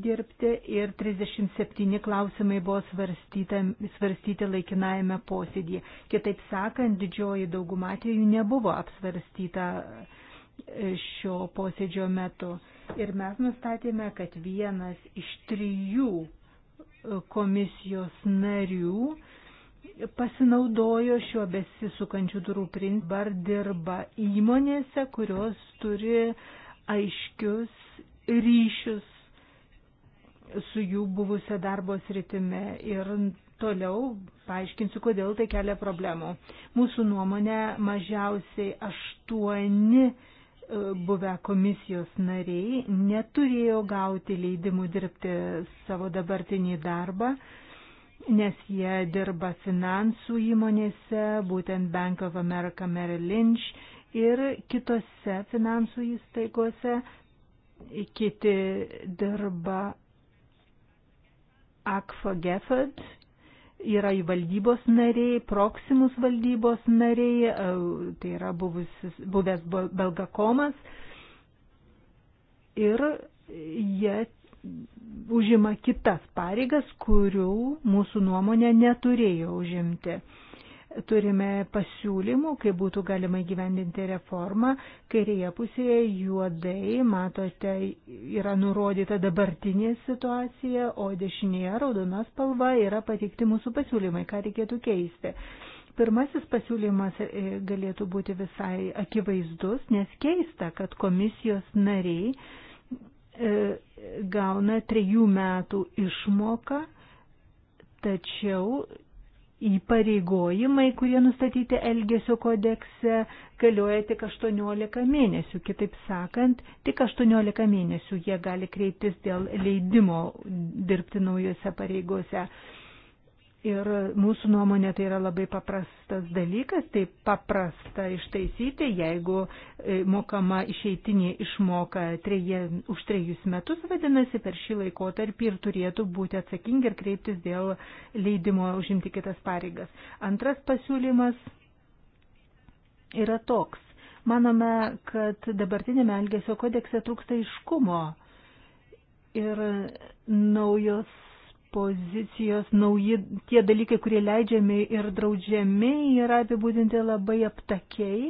[SPEAKER 2] dirbti ir 37 klausimai buvo svarstyti laikinajame posėdėje. Kitaip sakant, didžioji dauguma atvejų nebuvo apsvarstyta e, šio posėdžio metu. Ir mes nustatėme, kad vienas iš trijų e, komisijos narių pasinaudojo šiuo besisukančių durų principą dirba įmonėse, kurios turi aiškius ryšius su jų buvusia darbo sritimi ir toliau paaiškinsiu, kodėl tai kelia problemų. Mūsų nuomonė mažiausiai aštuoni e, buvę komisijos nariai neturėjo gauti leidimų dirbti savo dabartinį darbą, nes jie dirba finansų įmonėse, būtent Bank of America Merrill Lynch ir kitose finansų įstaigose, kiti dirba Akfa Gefford yra valdybos nariai, Proximus valdybos nariai, e, tai yra buvusis, buvęs Belgakomas ir jie užima kitas pareigas, kurių mūsų nuomonė neturėjo užimti turime pasiūlymų, kaip būtų galima įgyvendinti reformą. Kairėje pusėje juodai, matote, yra nurodyta dabartinė situacija, o dešinėje raudona spalva yra pateikti mūsų pasiūlymai, ką reikėtų keisti. Pirmasis pasiūlymas e, galėtų būti visai akivaizdus, nes keista, kad komisijos nariai e, gauna trejų metų išmoką, tačiau įpareigojimai, kurie nustatyti Elgesio kodekse, galioja tik 18 mėnesių. Kitaip sakant, tik 18 mėnesių jie gali kreiptis dėl leidimo dirbti naujose pareigose. Ir mūsų nuomonė tai yra labai paprastas dalykas, tai paprasta ištaisyti, jeigu e, mokama išeitinė išmoka treje, už trejus metus, vadinasi, per šį laikotarpį ir turėtų būti atsakingi ir kreiptis dėl leidimo užimti kitas pareigas. Antras pasiūlymas yra toks. Manome, kad dabartinėme Elgesio kodekse trūksta iškumo ir naujos pozicijos, nauji tie dalykai, kurie leidžiami ir draudžiami, yra apibūdinti labai aptakiai,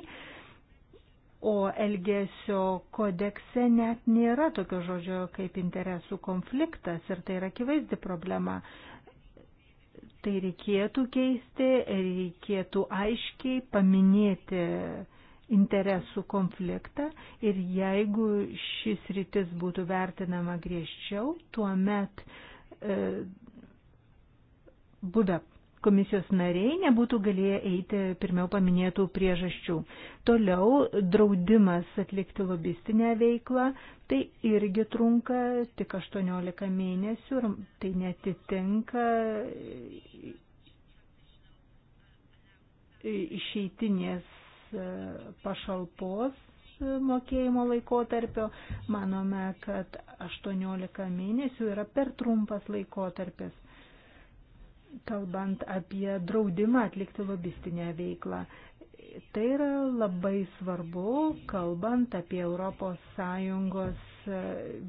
[SPEAKER 2] o elgesio kodekse net nėra tokio žodžio kaip interesų konfliktas ir tai yra akivaizdi problema. Tai reikėtų keisti, reikėtų aiškiai paminėti interesų konfliktą ir jeigu šis rytis būtų vertinama griežčiau, tuomet met E, Buda komisijos nariai nebūtų galėję eiti pirmiau paminėtų priežasčių. Toliau draudimas atlikti lobistinę veiklą, tai irgi trunka tik 18 mėnesių ir tai netitinka išeitinės e, pašalpos mokėjimo laikotarpio. Manome, kad 18 mėnesių yra per trumpas laikotarpis, kalbant apie draudimą atlikti lobistinę veiklą. Tai yra labai svarbu, kalbant apie ES e,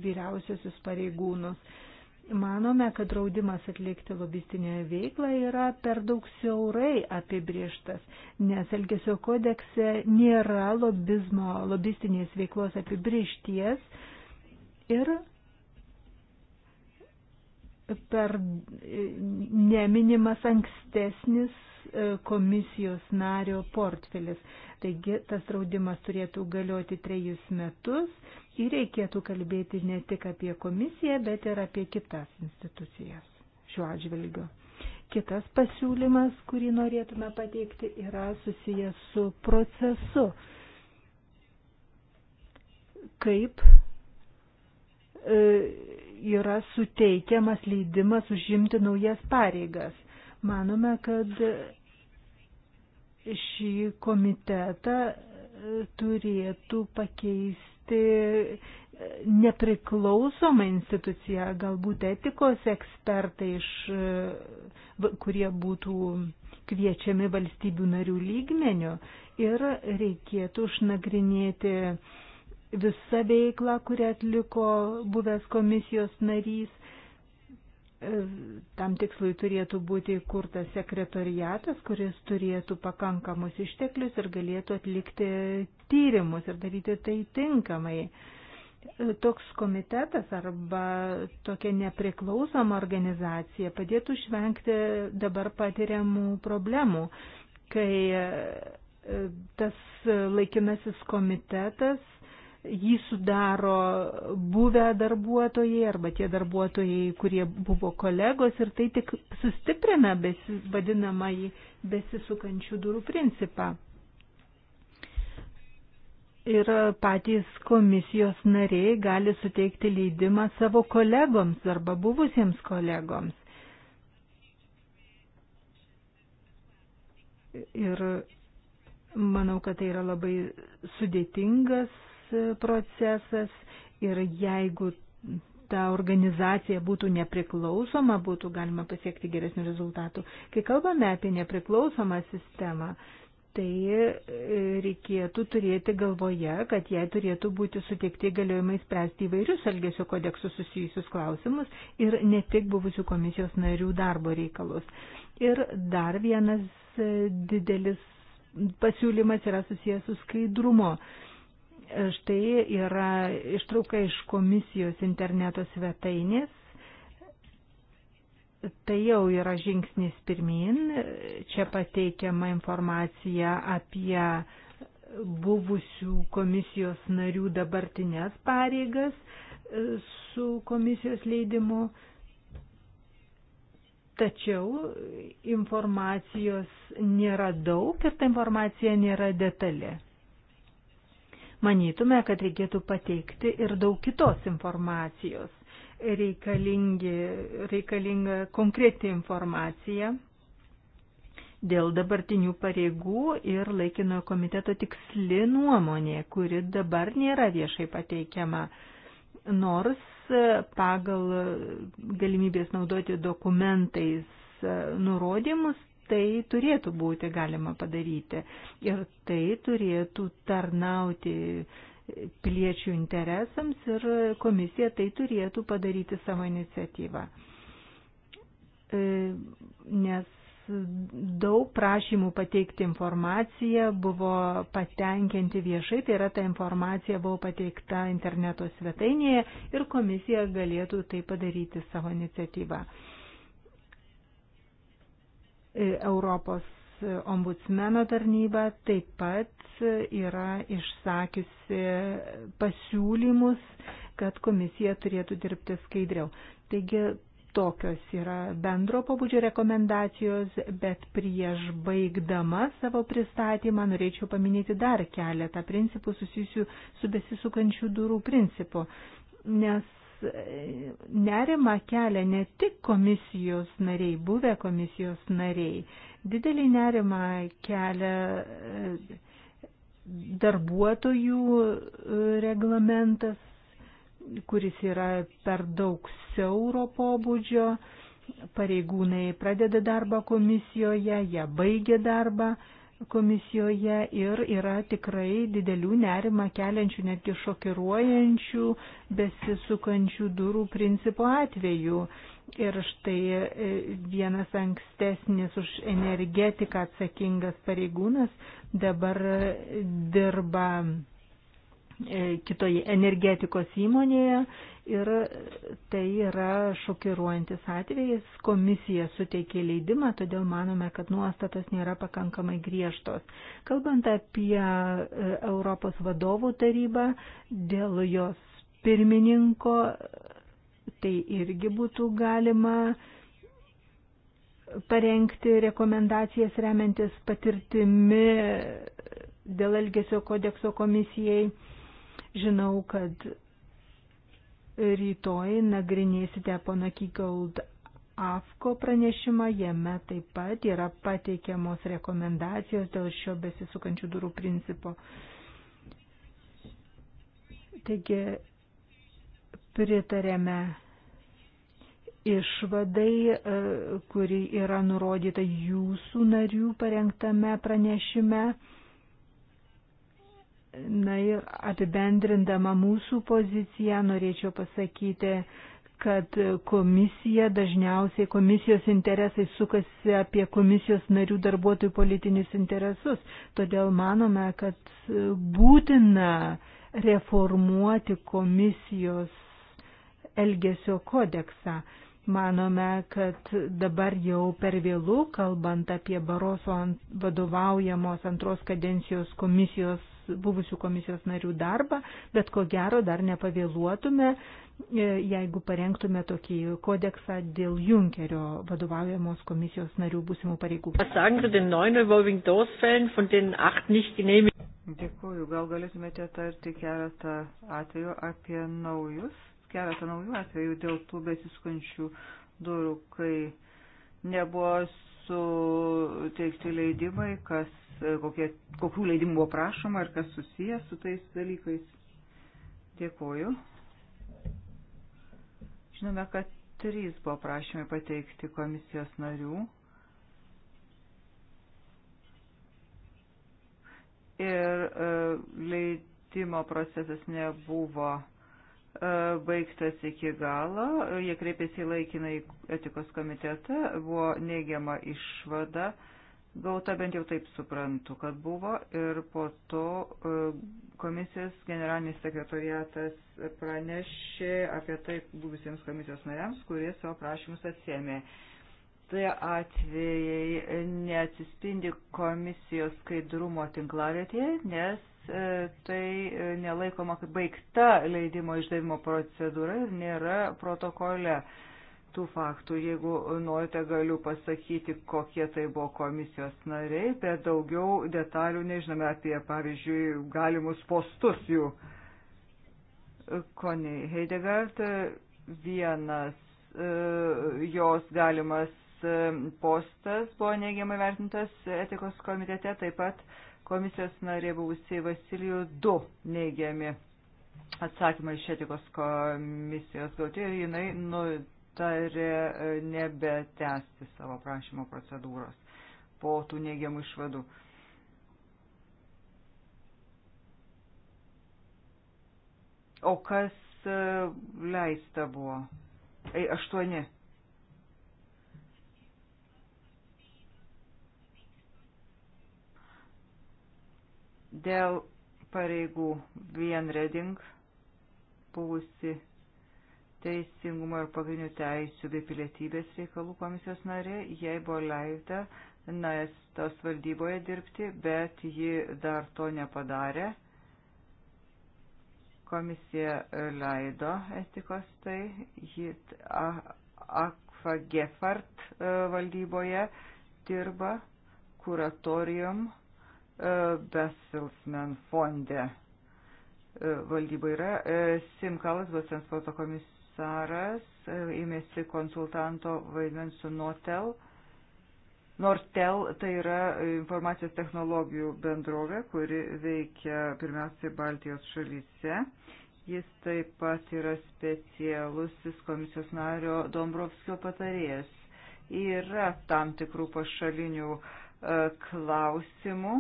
[SPEAKER 2] vyriausiosius pareigūnus Manome, kad draudimas atlikti lobistinę veiklą yra per daug siaurai apibrieštas, nes Elgesio kodekse nėra lobizmo, lobistinės veiklos apibriešties ir per neminimas ankstesnis e, komisijos nario portfelis. Taigi tas draudimas turėtų galioti trejus metus jį reikėtų kalbėti ne tik apie komisiją, bet ir apie kitas institucijas šiuo atžvilgiu. Kitas pasiūlymas, kurį norėtume pateikti, yra susijęs su procesu. Kaip e, yra suteikiamas leidimas užimti naujas pareigas. Manome, kad šį komitetą e, turėtų pakeisti rasti e, nepriklausomą instituciją, galbūt etikos ekspertai, iš, e, kurie būtų kviečiami valstybių narių lygmenių ir reikėtų išnagrinėti visą veiklą, kurią atliko buvęs komisijos narys tam tikslui turėtų būti kurtas sekretoriatas, kuris turėtų pakankamus išteklius ir galėtų atlikti tyrimus ir daryti tai tinkamai. Toks komitetas arba tokia nepriklausoma organizacija padėtų išvengti dabar patiriamų problemų, kai tas laikinasis komitetas jį sudaro buvę darbuotojai arba tie darbuotojai, kurie buvo kolegos ir tai tik sustiprina besi, vadinamąjį besisukančių durų principą. Ir patys komisijos nariai gali suteikti leidimą savo kolegoms arba buvusiems kolegoms. Ir manau, kad tai yra labai sudėtingas procesas ir jeigu ta organizacija būtų nepriklausoma, būtų galima pasiekti geresnių rezultatų. Kai kalbame apie nepriklausomą sistemą, tai e, reikėtų turėti galvoje, kad jai turėtų būti suteikti galiojimai spręsti įvairius elgesio kodeksų susijusius klausimus ir ne tik buvusių komisijos narių darbo reikalus. Ir dar vienas e, didelis pasiūlymas yra susijęs su skaidrumo Štai yra ištrauka iš komisijos interneto svetainės. Tai jau yra žingsnis pirmin. Čia pateikiama informacija apie buvusių komisijos narių dabartinės pareigas su komisijos leidimu. Tačiau informacijos nėra daug ir ta informacija nėra detalė manytume, kad reikėtų pateikti ir daug kitos informacijos. Reikalinga konkreti informacija dėl dabartinių pareigų ir laikinojo komiteto tiksli nuomonė, kuri dabar nėra viešai pateikiama, nors e, pagal galimybės naudoti dokumentais e, nurodymus tai turėtų būti galima padaryti ir tai turėtų tarnauti piliečių interesams ir komisija tai turėtų padaryti savo iniciatyvą. E, nes daug prašymų pateikti informaciją buvo patenkinti viešai, tai yra ta informacija buvo pateikta interneto svetainėje ir komisija galėtų tai padaryti savo iniciatyvą. Europos ombudsmeno tarnyba taip pat yra išsakiusi pasiūlymus, kad komisija turėtų dirbti skaidriau. Taigi tokios yra bendro pabudžio rekomendacijos, bet prieš baigdama savo pristatymą norėčiau paminėti dar keletą principų susijusių su besisukančių durų principu, nes nerima kelia ne tik komisijos nariai, buvę komisijos nariai. Didelį nerimą kelia e, darbuotojų e, reglamentas, kuris yra per daug siauro pobūdžio. Pareigūnai pradeda darbą komisijoje, jie baigia darbą komisijoje ir yra tikrai didelių nerimą keliančių, netgi šokiruojančių, besisukančių durų principo atveju. Ir štai e, vienas ankstesnis už energetiką atsakingas pareigūnas dabar e, dirba E, kitoje energetikos įmonėje ir tai yra šokiruojantis atvejis. Komisija suteikė leidimą, todėl manome, kad nuostatos nėra pakankamai griežtos. Kalbant apie e, Europos vadovų tarybą, dėl jos pirmininko tai irgi būtų galima parengti rekomendacijas remiantis patirtimi dėl Elgesio kodekso komisijai Žinau, kad rytoj nagrinėsite pono Kigold AFKO pranešimą, jame taip pat yra pateikiamos rekomendacijos dėl šio besisukančių durų principo. Taigi pritarėme išvadai, e, kuri yra nurodyta jūsų narių parengtame pranešime Na ir apibendrindama mūsų poziciją norėčiau pasakyti, kad komisija dažniausiai komisijos interesai sukasi apie komisijos narių darbuotojų politinius interesus. Todėl manome, kad būtina reformuoti komisijos elgesio kodeksą. Manome, kad dabar jau per vėlų, kalbant apie Baroso vadovaujamos antros kadencijos komisijos buvusių komisijos narių darbą, bet ko gero dar nepavėluotume, e, jeigu parengtume tokį kodeksą dėl Junkerio vadovaujamos komisijos narių būsimų pareigų. Dėkuoju, gal galėtumėte
[SPEAKER 3] tarti keletą atvejų apie naujus, keletą naujų atvejų dėl tų besiskančių durų, kai nebuvo suteikti leidimai, kas E, kokie, kokių leidimų buvo prašoma ir kas susijęs su tais dalykais. Dėkoju. Žinome, kad trys buvo prašymai pateikti komisijos narių. Ir e, leidimo procesas nebuvo e, baigtas iki galo, jie kreipėsi į laikiną etikos komitetą, buvo neigiama išvada, gauta bent jau taip suprantu, kad buvo ir po to e, komisijos generalinis sekretoriatas pranešė apie tai buvusiems komisijos nariams, kurie savo prašymus atsėmė. Tai atvejai neatsispindi komisijos skaidrumo tinklavietėje, nes e, tai e, nelaikoma kaip baigta leidimo išdavimo procedūra ir nėra protokole tų faktų. Jeigu norite, galiu pasakyti, kokie tai buvo komisijos nariai, bet daugiau detalių nežinome apie, pavyzdžiui, galimus postus jų. Koni Heidegard, vienas e, jos galimas e, postas buvo neigiamai vertintas etikos komitete, taip pat komisijos narė buvusiai Vasilijų du neigiami atsakymai iš etikos komisijos gauti ir jinai nu, nutarė e, nebetesti savo prašymo procedūros po tų neigiamų išvadų. O kas e, leista buvo? Ei, aštuoni. Dėl pareigų vien reding buvusi teisingumo ir pagrindinių teisių bei pilietybės reikalų komisijos narė, jai buvo leista naestos valdyboje dirbti, bet ji dar to nepadarė. Komisija leido etikos tai, ji Akfa Gefart e, valdyboje dirba kuratorium e, Beselsmen fonde e, valdyba yra. Simkalas bus transporto komisijos komisaras e, ėmėsi konsultanto vaidmens su Notel. Nortel tai yra informacijos technologijų bendrovė, kuri veikia pirmiausiai Baltijos šalyse. Jis taip pat yra specialusis komisijos nario Dombrovskio patarėjas. Yra tam tikrų pašalinių e, klausimų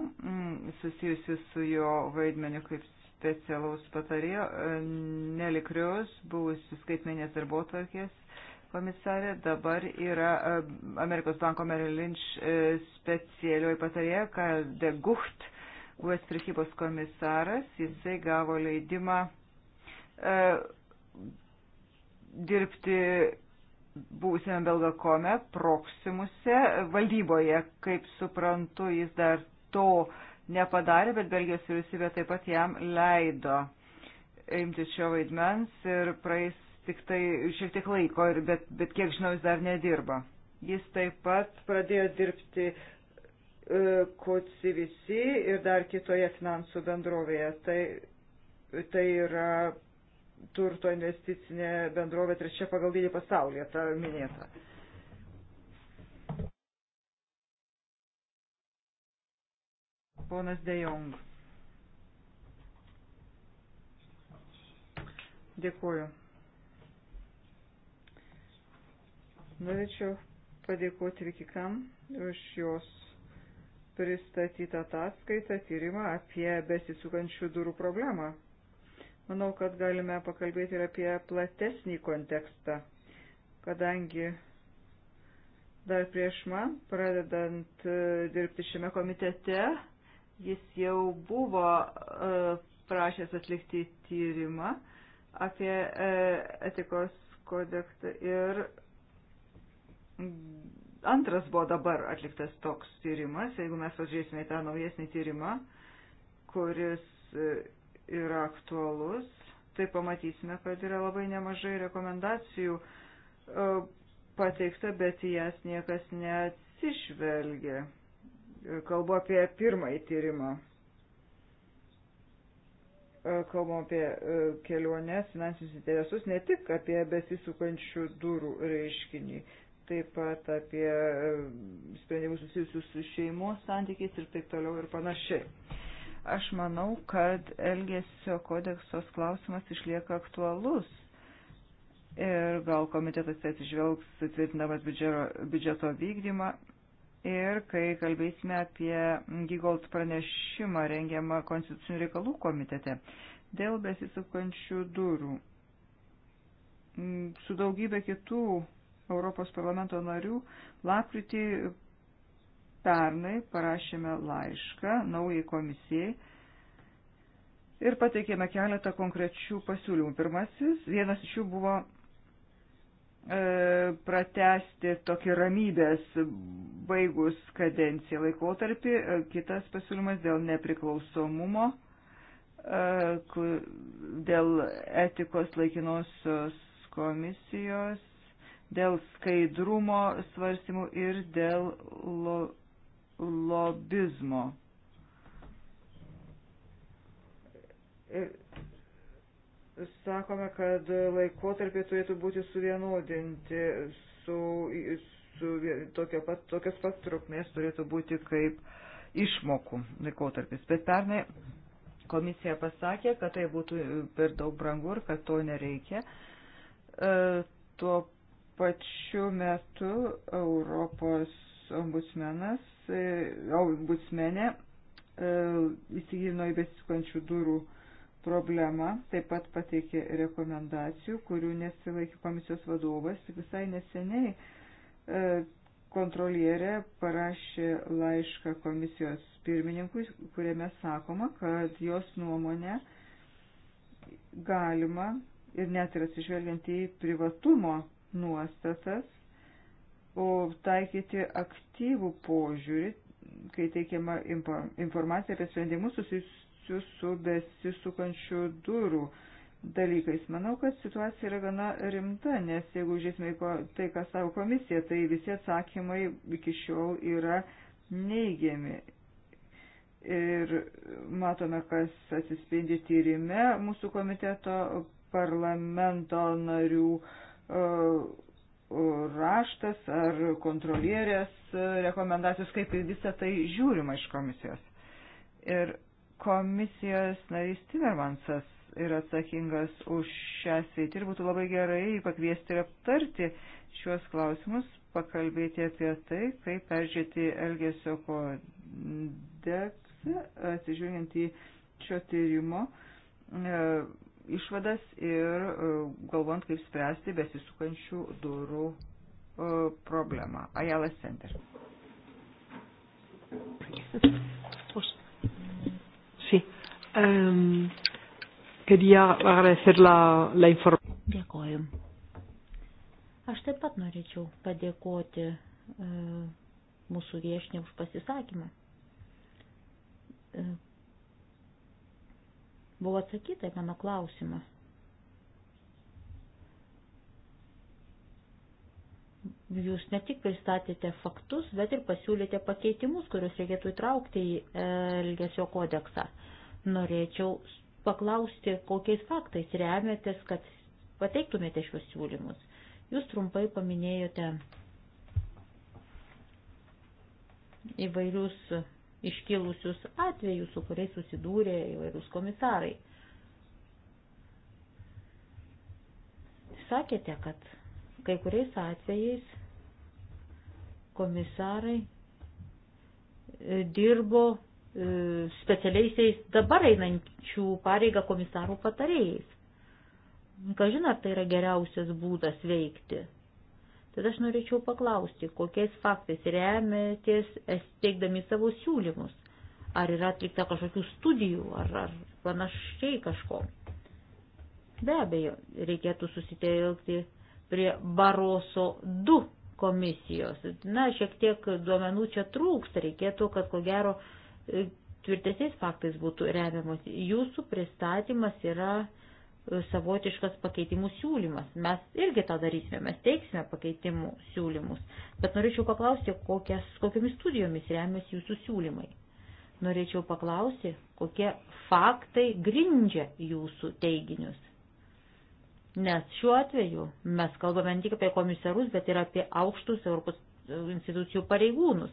[SPEAKER 3] susijusių su jo vaidmeniu kaip specialaus patarėjo e, Nelikrius, buvusi skaitmenės darbotvarkės komisarė, dabar yra e, Amerikos banko Merrill Lynch e, specialioji patarėja, kad De Gucht, buvęs prekybos komisaras, jisai gavo leidimą e, dirbti būsime Belgakome, Proximuse, valdyboje, kaip suprantu, jis dar to nepadarė, bet Belgijos vyriausybė taip pat jam leido imti šio vaidmens ir praeis tik tai šiek tiek laiko, bet, bet kiek žinau, jis dar nedirba. Jis taip pat pradėjo dirbti e, KCVC ir dar kitoje finansų bendrovėje. Tai, tai yra turto investicinė bendrovė trečia pagal dydį pasaulyje, ta minėta. Ponas De Jong. Dėkuoju. Norėčiau padėkoti Vikikam už jos pristatytą ataskaitą tyrimą apie besisukančių durų problemą. Manau, kad galime pakalbėti ir apie platesnį kontekstą, kadangi dar prieš man, pradedant dirbti šiame komitete, Jis jau buvo e, prašęs atlikti tyrimą apie e, etikos kodeksą ir antras buvo dabar atliktas toks tyrimas, jeigu mes pažiūrėsime į tą naujesnį tyrimą, kuris e, yra aktualus, tai pamatysime, kad yra labai nemažai rekomendacijų pateikta, bet jas niekas neatsižvelgia. Kalbu apie pirmąjį tyrimą. E, kalbu apie e, keliones, finansinius interesus, ne tik apie besisukančių durų reiškinį, taip pat apie e, sprendimus susijusius su šeimos santykiais ir taip toliau ir panašiai. Aš manau, kad Elgesio kodeksos klausimas išlieka aktualus ir gal komitetas atsižvelgs tvirtinamas biudžeto vykdymą ir kai kalbėsime apie Gigold pranešimą rengiamą Konstitucinių reikalų komitete dėl besisukančių durų. Su daugybė kitų Europos parlamento narių lapkritį pernai parašėme laišką naujai komisijai ir pateikėme keletą konkrečių pasiūlymų. Pirmasis, vienas iš jų buvo E, pratesti tokį ramybės baigus kadenciją laikotarpį. E, kitas pasiūlymas dėl nepriklausomumo, e, dėl etikos laikinosios komisijos, dėl skaidrumo svarstymų ir dėl lo, lobizmo. Ir sakome, kad laikotarpiai turėtų būti suvienodinti, su, su tokia pat, tokios pat trukmės turėtų būti kaip išmokų laikotarpis. Bet pernai komisija pasakė, kad tai būtų per daug brangu ir kad to nereikia. E, tuo pačiu metu Europos ombudsmenas, e, ombudsmenė e, įsigilino į besiskončių durų problema, taip pat pateikė rekomendacijų, kurių nesilaikė komisijos vadovas. Visai neseniai e, kontrolierė parašė laišką komisijos pirmininkui, kuriame sakoma, kad jos nuomonė galima ir net ir atsižvelgiant į privatumo nuostatas, o taikyti aktyvų požiūrį, kai teikiama informacija apie sprendimus susijusius susijusius su besisukančių durų dalykais. Manau, kad situacija yra gana rimta, nes jeigu žiūrėsime tai, ką savo komisija, tai visi atsakymai iki šiol yra neigiami. Ir matome, kas atsispindi tyrime mūsų komiteto parlamento narių raštas ar kontrolierės rekomendacijos, kaip į visą tai žiūrima iš komisijos. Ir Komisijos narys Timermansas yra atsakingas už šią sveitį ir būtų labai gerai pakviesti ir aptarti šiuos klausimus, pakalbėti apie tai, kaip peržiūrėti Elgesio kodeksą, atsižiūrint į šio tyrimo e, išvadas ir e, galvant, kaip spręsti besisukančių durų e, problemą. Ajala Center.
[SPEAKER 2] Thank you. Um, quería agradecer la, la información. Dėkoju.
[SPEAKER 1] Aš taip pat norėčiau padėkoti e, mūsų viešinė už pasisakymą. E, buvo atsakyta į mano klausimą. Jūs ne tik pristatėte faktus, bet ir pasiūlėte pakeitimus, kuriuos reikėtų įtraukti į e, Elgesio kodeksą. E, Norėčiau paklausti, kokiais faktais remiatės, kad pateiktumėte šios siūlymus. Jūs trumpai paminėjote įvairius iškilusius atvejus, su kuriais susidūrė įvairūs komisarai. Sakėte, kad kai kuriais atvejais komisarai e, dirbo E, specialiaisiais dabar einančių pareigą komisarų patarėjais. Kažin, ar tai yra geriausias būdas veikti. Tad aš norėčiau paklausti, kokiais faktais remiatės, teikdami savo siūlymus. Ar yra atlikta kažkokių studijų, ar, ar panašiai kažko. Be abejo, reikėtų susitelkti prie Baroso 2 komisijos. Na, šiek tiek duomenų čia trūksta, reikėtų, kad ko gero tvirtesniais faktais būtų remiamos. Jūsų pristatymas yra e, savotiškas pakeitimų siūlymas. Mes irgi tą darysime, mes teiksime pakeitimų siūlymus. Bet norėčiau paklausti, kokias, kokiamis studijomis remiasi jūsų siūlymai. Norėčiau paklausti, kokie faktai grindžia jūsų teiginius. Nes šiuo atveju mes kalbame ne tik apie komisarus, bet ir apie aukštus Europos institucijų pareigūnus.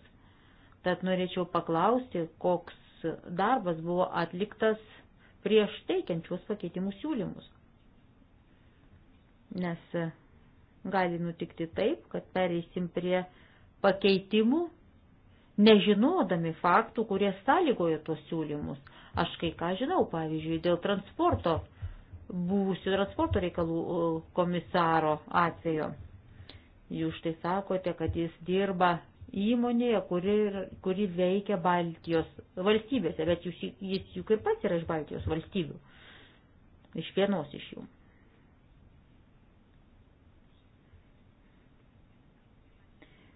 [SPEAKER 1] Tad norėčiau paklausti, koks darbas buvo atliktas prieš teikiančius pakeitimų siūlymus. Nes gali nutikti taip, kad pereisim prie pakeitimų, nežinodami faktų, kurie sąlygojo tuos siūlymus. Aš kai ką žinau, pavyzdžiui, dėl transporto, būsiu transporto reikalų komisaro atveju. Jūs štai sakote, kad jis dirba įmonėje, kuri, kuri veikia Baltijos valstybėse, bet jūs, jis juk ir pats yra iš Baltijos valstybių, iš vienos iš jų.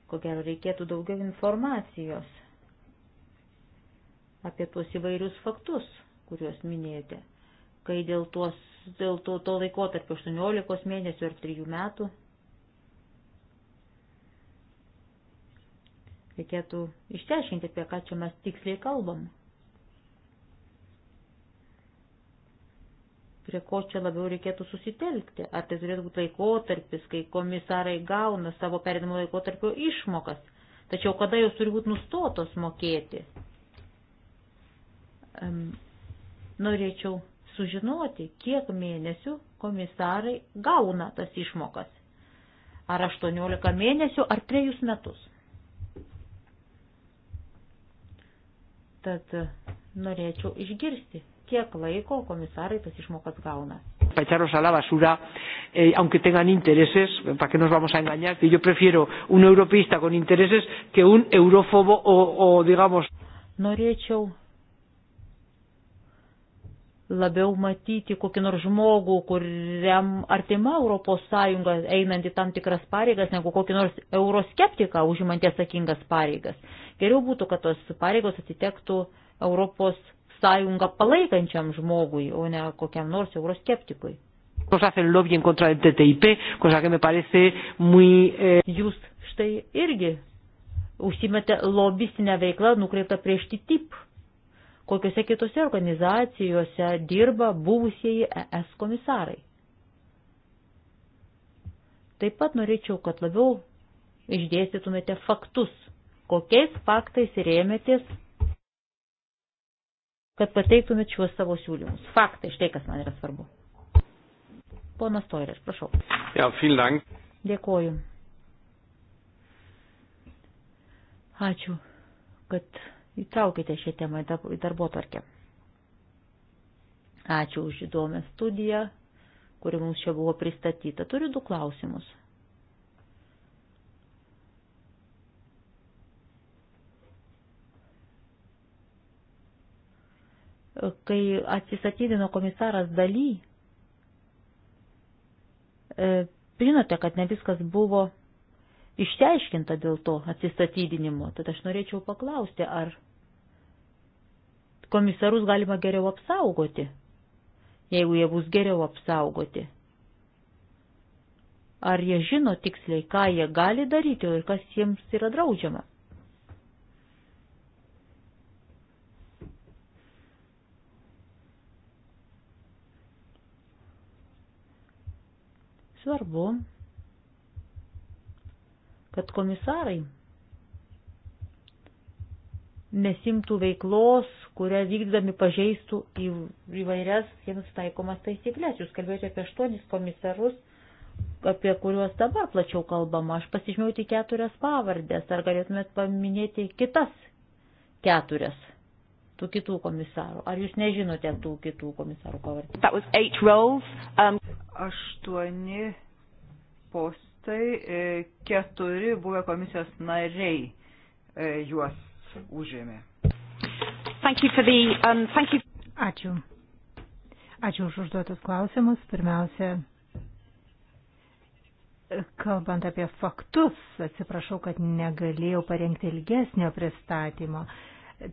[SPEAKER 1] Ko gero reikėtų daugiau informacijos apie tuos įvairius faktus, kuriuos minėjote, kai dėl, tuos, dėl to, to laikotarpio 18 mėnesių ar 3 metų Reikėtų išteiškinti, apie ką čia mes tiksliai kalbam. Prie ko čia labiau reikėtų susitelkti? Ar tai turėtų būti laikotarpis, kai komisarai gauna savo perinamo laikotarpio išmokas? Tačiau kada jos turi būti nustotos mokėti? Um, norėčiau sužinoti, kiek mėnesių komisarai gauna tas išmokas. Ar 18 mėnesių, ar 3 metus. Tad norėčiau išgirsti, kiek laiko komisarai tas išmokas gauna. Echaros a la basura, eh, aunque tengan intereses, ¿para qué nos vamos a
[SPEAKER 3] engañar? Que yo prefiero un europeísta con intereses que un eurofobo o, o digamos.
[SPEAKER 1] Norėčiau labiau matyti kokį nors žmogų, kuriam artima Europos Sąjunga einanti tam tikras pareigas, negu kokį nors euroskeptiką užimantį atsakingas pareigas. Geriau būtų, kad tos pareigos atitektų Europos Sąjungą palaikančiam žmogui, o ne kokiam nors euroskeptikui. Eh, Jūs štai irgi užsimete lobistinę veiklą nukreiptą prieš TTIP kokiuose kitose organizacijose dirba buvusieji ES komisarai. Taip pat norėčiau, kad labiau išdėstytumėte faktus, kokiais faktais rėmėtės, kad pateiktumėt šiuos savo siūlymus. Faktai, štai kas man yra svarbu. Ponas Toiris, prašau. Ja, dank. Dėkoju. Ačiū, kad Įtraukite šią temą į darbo tvarkę. Ačiū už įdomią studiją, kuri mums čia buvo pristatyta. Turiu du klausimus. Kai atsisatydino komisaras daly, e, žinote, kad ne viskas buvo išteiškinta dėl to atsistatydinimo. Tad aš norėčiau paklausti, ar komisarus galima geriau apsaugoti, jeigu jie bus geriau apsaugoti. Ar jie žino tiksliai, ką jie gali daryti ir kas jiems yra draudžiama? Svarbu, kad komisarai nesimtų veiklos, kurią vykdami pažeistų įvairias jiems taikomas taisyklės. Jūs kalbėjote apie aštuonis komisarus, apie kuriuos dabar plačiau kalbama. Aš pasižymėjau tik keturias pavardės. Ar galėtumėt paminėti kitas keturias? tų kitų komisarų. Ar jūs nežinote tų kitų komisarų pavardžių? Um... Aštuoni postai, e,
[SPEAKER 3] keturi buvę komisijos nariai e, juos užėmė.
[SPEAKER 2] Thank you for the, um, thank you. Ačiū. Ačiū už užduotus klausimus. Pirmiausia, kalbant apie faktus, atsiprašau, kad negalėjau parengti ilgesnio pristatymo.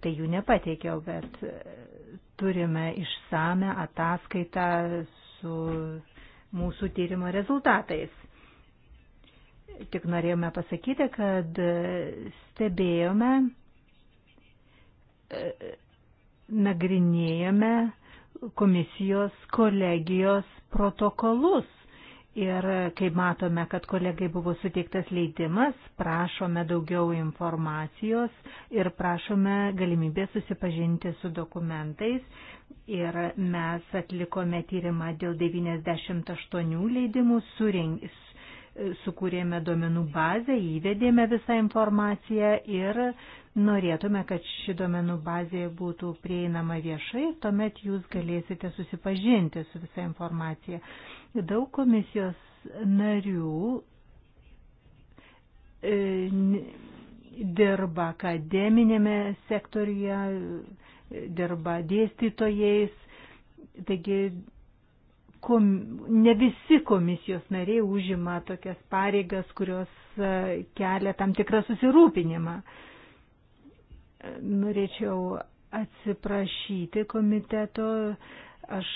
[SPEAKER 2] Tai jų nepateikiau, bet turime išsame ataskaitą su mūsų tyrimo rezultatais. Tik norėjome pasakyti, kad stebėjome nagrinėjame komisijos kolegijos protokolus. Ir kai matome, kad kolegai buvo suteiktas leidimas, prašome daugiau informacijos ir prašome galimybės susipažinti su dokumentais. Ir mes atlikome tyrimą dėl 98 leidimų surinks. Sukūrėme duomenų bazę, įvedėme visą informaciją ir Norėtume, kad ši duomenų bazė būtų prieinama viešai, tuomet jūs galėsite susipažinti su visa informacija. Daug komisijos narių e, dirba akademinėme sektoriuje, dirba dėstytojais, taigi kom, ne visi komisijos nariai užima tokias pareigas, kurios e, kelia tam tikrą susirūpinimą. Uh, norėčiau atsiprašyti komiteto. Aš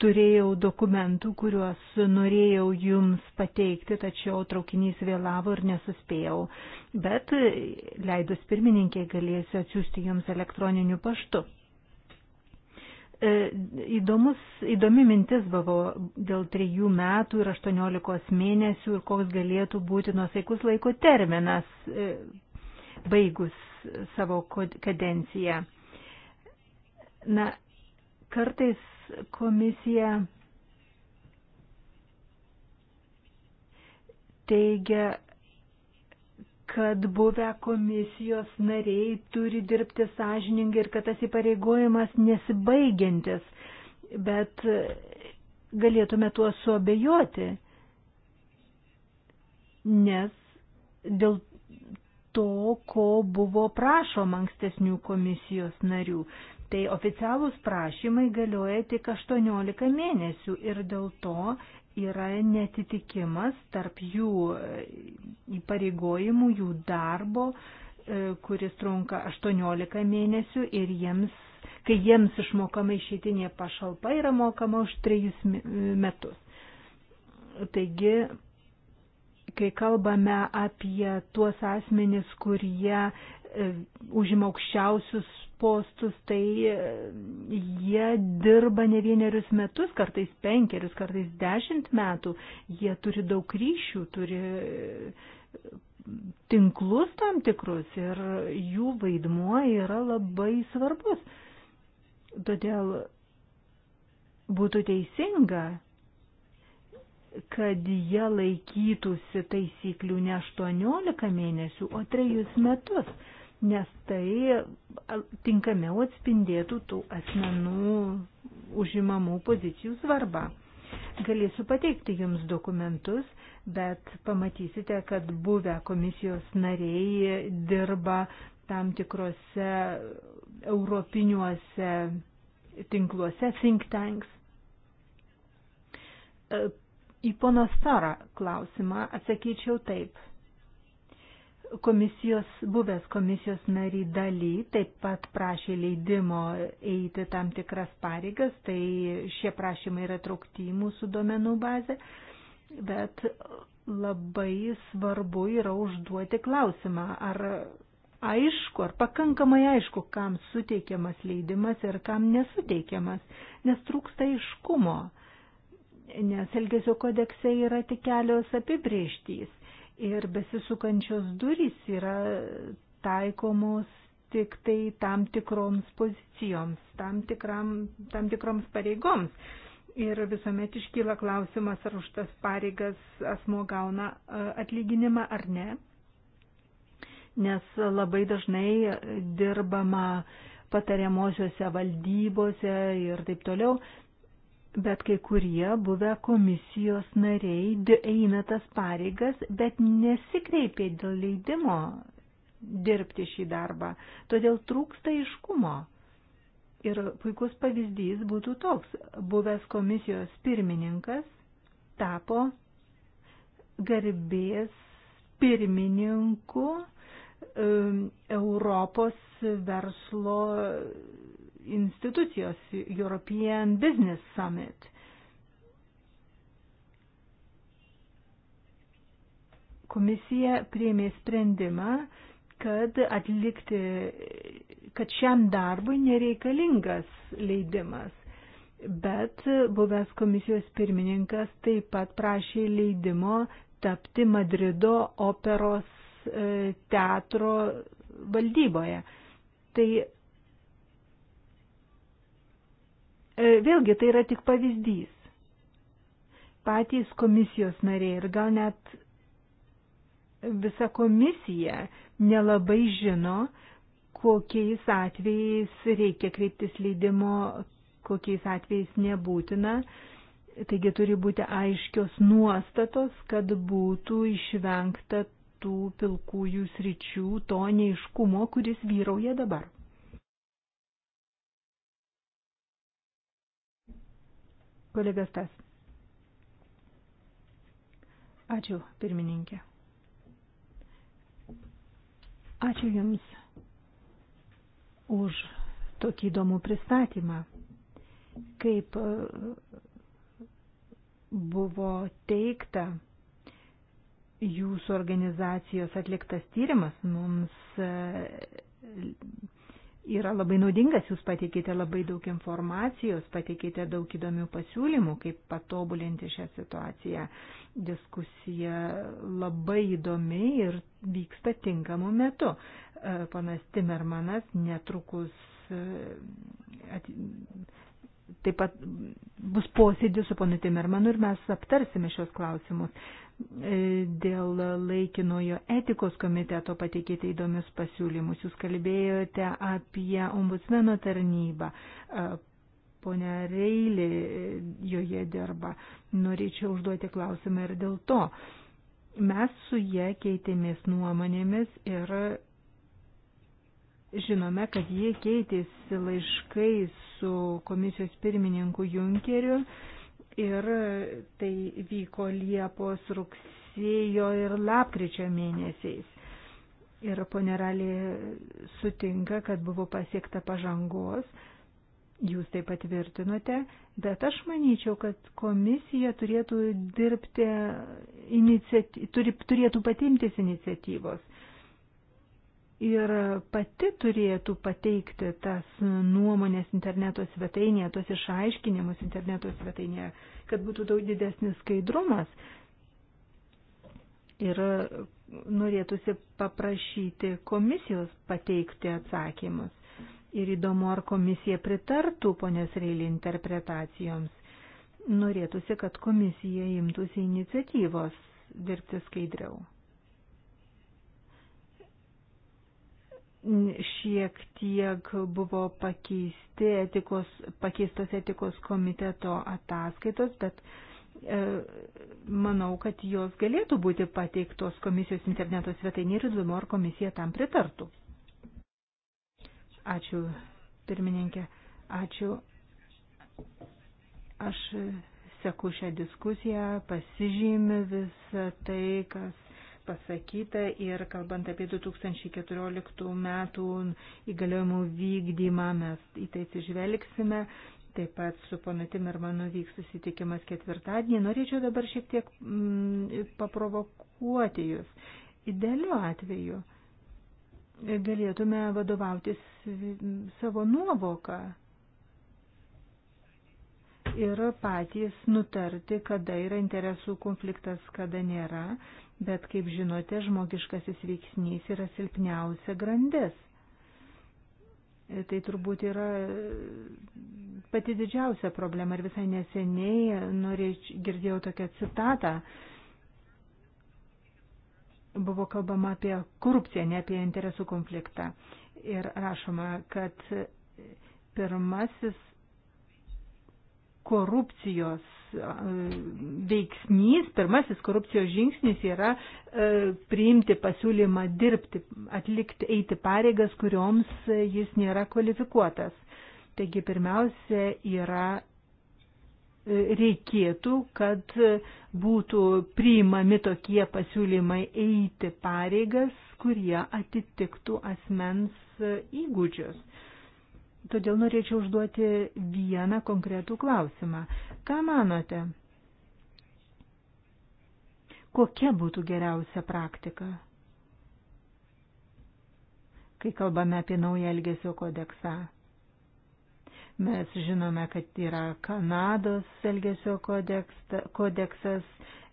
[SPEAKER 2] turėjau dokumentų, kuriuos norėjau jums pateikti, tačiau traukinys vėlavo ir nesuspėjau. Bet leidus pirmininkiai galėsiu atsiųsti jums elektroniniu paštu. E, įdomus, įdomi mintis buvo dėl trijų metų ir aštuoniolikos mėnesių ir koks galėtų būti nuosaikus laiko terminas e, baigus savo kadenciją. Na, kartais komisija teigia, kad buvę komisijos nariai turi dirbti sąžiningai ir kad tas įpareigojimas nesibaigiantis, bet galėtume tuo suabejoti, nes dėl to, ko buvo prašoma ankstesnių komisijos narių. Tai oficialūs prašymai galioja tik 18 mėnesių ir dėl to yra netitikimas tarp jų e, įpareigojimų, jų darbo, e, kuris trunka 18 mėnesių ir jiems, kai jiems išmokama išeitinė pašalpa, yra mokama už 3 metus. Taigi kai kalbame apie tuos asmenis, kurie e, užima aukščiausius postus, tai e, jie dirba ne vienerius metus, kartais penkerius, kartais dešimt metų, jie turi daug ryšių, turi e, tinklus tam tikrus ir jų vaidmuo yra labai svarbus. Todėl būtų teisinga kad jie laikytųsi taisyklių ne 18 mėnesių, o 3 metus, nes tai tinkamiau atspindėtų tų asmenų užimamų pozicijų svarbą. Galėsiu pateikti jums dokumentus, bet pamatysite, kad buvę komisijos nariai dirba tam tikrose europiniuose tinkluose think tanks Į pono Starą klausimą atsakyčiau taip. Komisijos, buvęs komisijos nary daly taip pat prašė leidimo eiti tam tikras pareigas, tai šie prašymai yra traukti į mūsų duomenų bazę, bet labai svarbu yra užduoti klausimą, ar aišku, ar pakankamai aišku, kam suteikiamas leidimas ir kam nesuteikiamas, nes trūksta aiškumo nes Elgesio kodekse yra tik kelios apibrieštys ir besisukančios durys yra taikomos tik tai tam tikroms pozicijoms, tam, tikram, tam tikroms pareigoms. Ir visuomet iškyla klausimas, ar už tas pareigas asmo gauna atlyginimą ar ne. Nes labai dažnai dirbama patariamosiose valdybose ir taip toliau, bet kai kurie buvę komisijos nariai eina tas pareigas, bet nesikreipė dėl leidimo dirbti šį darbą. Todėl trūksta iškumo. Ir puikus pavyzdys būtų toks. Buvęs komisijos pirmininkas tapo garbės pirmininku Europos verslo institucijos European Business Summit. Komisija prieimė sprendimą, kad atlikti, kad šiam darbui nereikalingas leidimas. Bet buvęs komisijos pirmininkas taip pat prašė leidimo tapti Madrido operos e, teatro valdyboje. Tai E, vėlgi tai yra tik pavyzdys. Patys komisijos nariai ir gal net visa komisija nelabai žino, kokiais atvejais reikia kreiptis leidimo, kokiais atvejais nebūtina. Taigi turi būti aiškios nuostatos, kad būtų išvengta tų pilkųjų sričių, to neiškumo, kuris vyrauja dabar. kolegas tas. Ačiū, pirmininkė. Ačiū Jums už tokį įdomų pristatymą, kaip e, buvo teikta jūsų organizacijos atliktas tyrimas mums e, yra labai naudingas, jūs pateikite labai daug informacijos, pateikite daug įdomių pasiūlymų, kaip patobulinti šią situaciją. Diskusija labai įdomi ir vyksta tinkamu metu. E, Panas Timermanas netrukus e, at... taip pat bus posėdis su ponu Timermanu ir mes aptarsime šios klausimus. E, dėl laikinojo etikos komiteto pateikėte įdomius pasiūlymus. Jūs kalbėjote apie ombudsmeno tarnybą. E, Pone Reilė e, joje dirba. Norėčiau užduoti klausimą ir dėl to. Mes su jie keitėmės nuomonėmis ir žinome, kad jie keitėsi laiškai su komisijos pirmininku Junkeriu ir tai vyko Liepos, rugsėjo ir lapkričio mėnesiais. Ir poneralė sutinka, kad buvo pasiekta pažangos, jūs tai patvirtinote, bet aš manyčiau, kad komisija turėtų dirbti, inicia, turi, turėtų patimtis iniciatyvos ir pati turėtų pateikti tas nuomonės interneto svetainėje, tos išaiškinimus interneto svetainėje, kad būtų daug didesnis skaidrumas. Ir norėtųsi paprašyti komisijos pateikti atsakymus. Ir įdomu, ar komisija pritartų ponės reilį interpretacijoms. Norėtųsi, kad komisija imtųsi iniciatyvos dirbti skaidriau. šiek tiek buvo pakeisti etikos, pakeistos etikos komiteto ataskaitos, bet e, manau, kad jos galėtų būti pateiktos komisijos interneto svetainė ir įdomu, ar komisija tam pritartų. Ačiū, pirmininkė. Ačiū. Aš seku šią diskusiją, pasižymiu visą tai, kas pasakyta ir kalbant apie 2014 metų įgaliojimų vykdymą mes į tai atsižvelgsime. Taip pat su ponu Timermanu vyks susitikimas ketvirtadienį. Norėčiau dabar šiek tiek mm, paprovokuoti jūs. Idealiu atveju galėtume vadovautis savo nuovoką ir patys nutarti, kada yra interesų konfliktas, kada nėra. Bet, kaip žinote, žmogiškasis veiksnys yra silpniausia grandis. Tai turbūt yra pati didžiausia problema ir visai neseniai norėč, girdėjau tokią citatą. Buvo kalbama apie korupciją, ne apie interesų konfliktą. Ir rašoma, kad pirmasis korupcijos e, veiksnys, pirmasis korupcijos žingsnis yra e, priimti pasiūlymą dirbti, atlikti, eiti pareigas, kurioms e, jis nėra kvalifikuotas. Taigi pirmiausia yra reikėtų, kad būtų priimami tokie pasiūlymai eiti pareigas, kurie atitiktų asmens įgūdžius. Todėl norėčiau užduoti vieną konkretų klausimą. Ką manote? Kokia būtų geriausia praktika? Kai kalbame apie naują elgesio kodeksą. Mes žinome, kad yra Kanados elgesio kodeksas,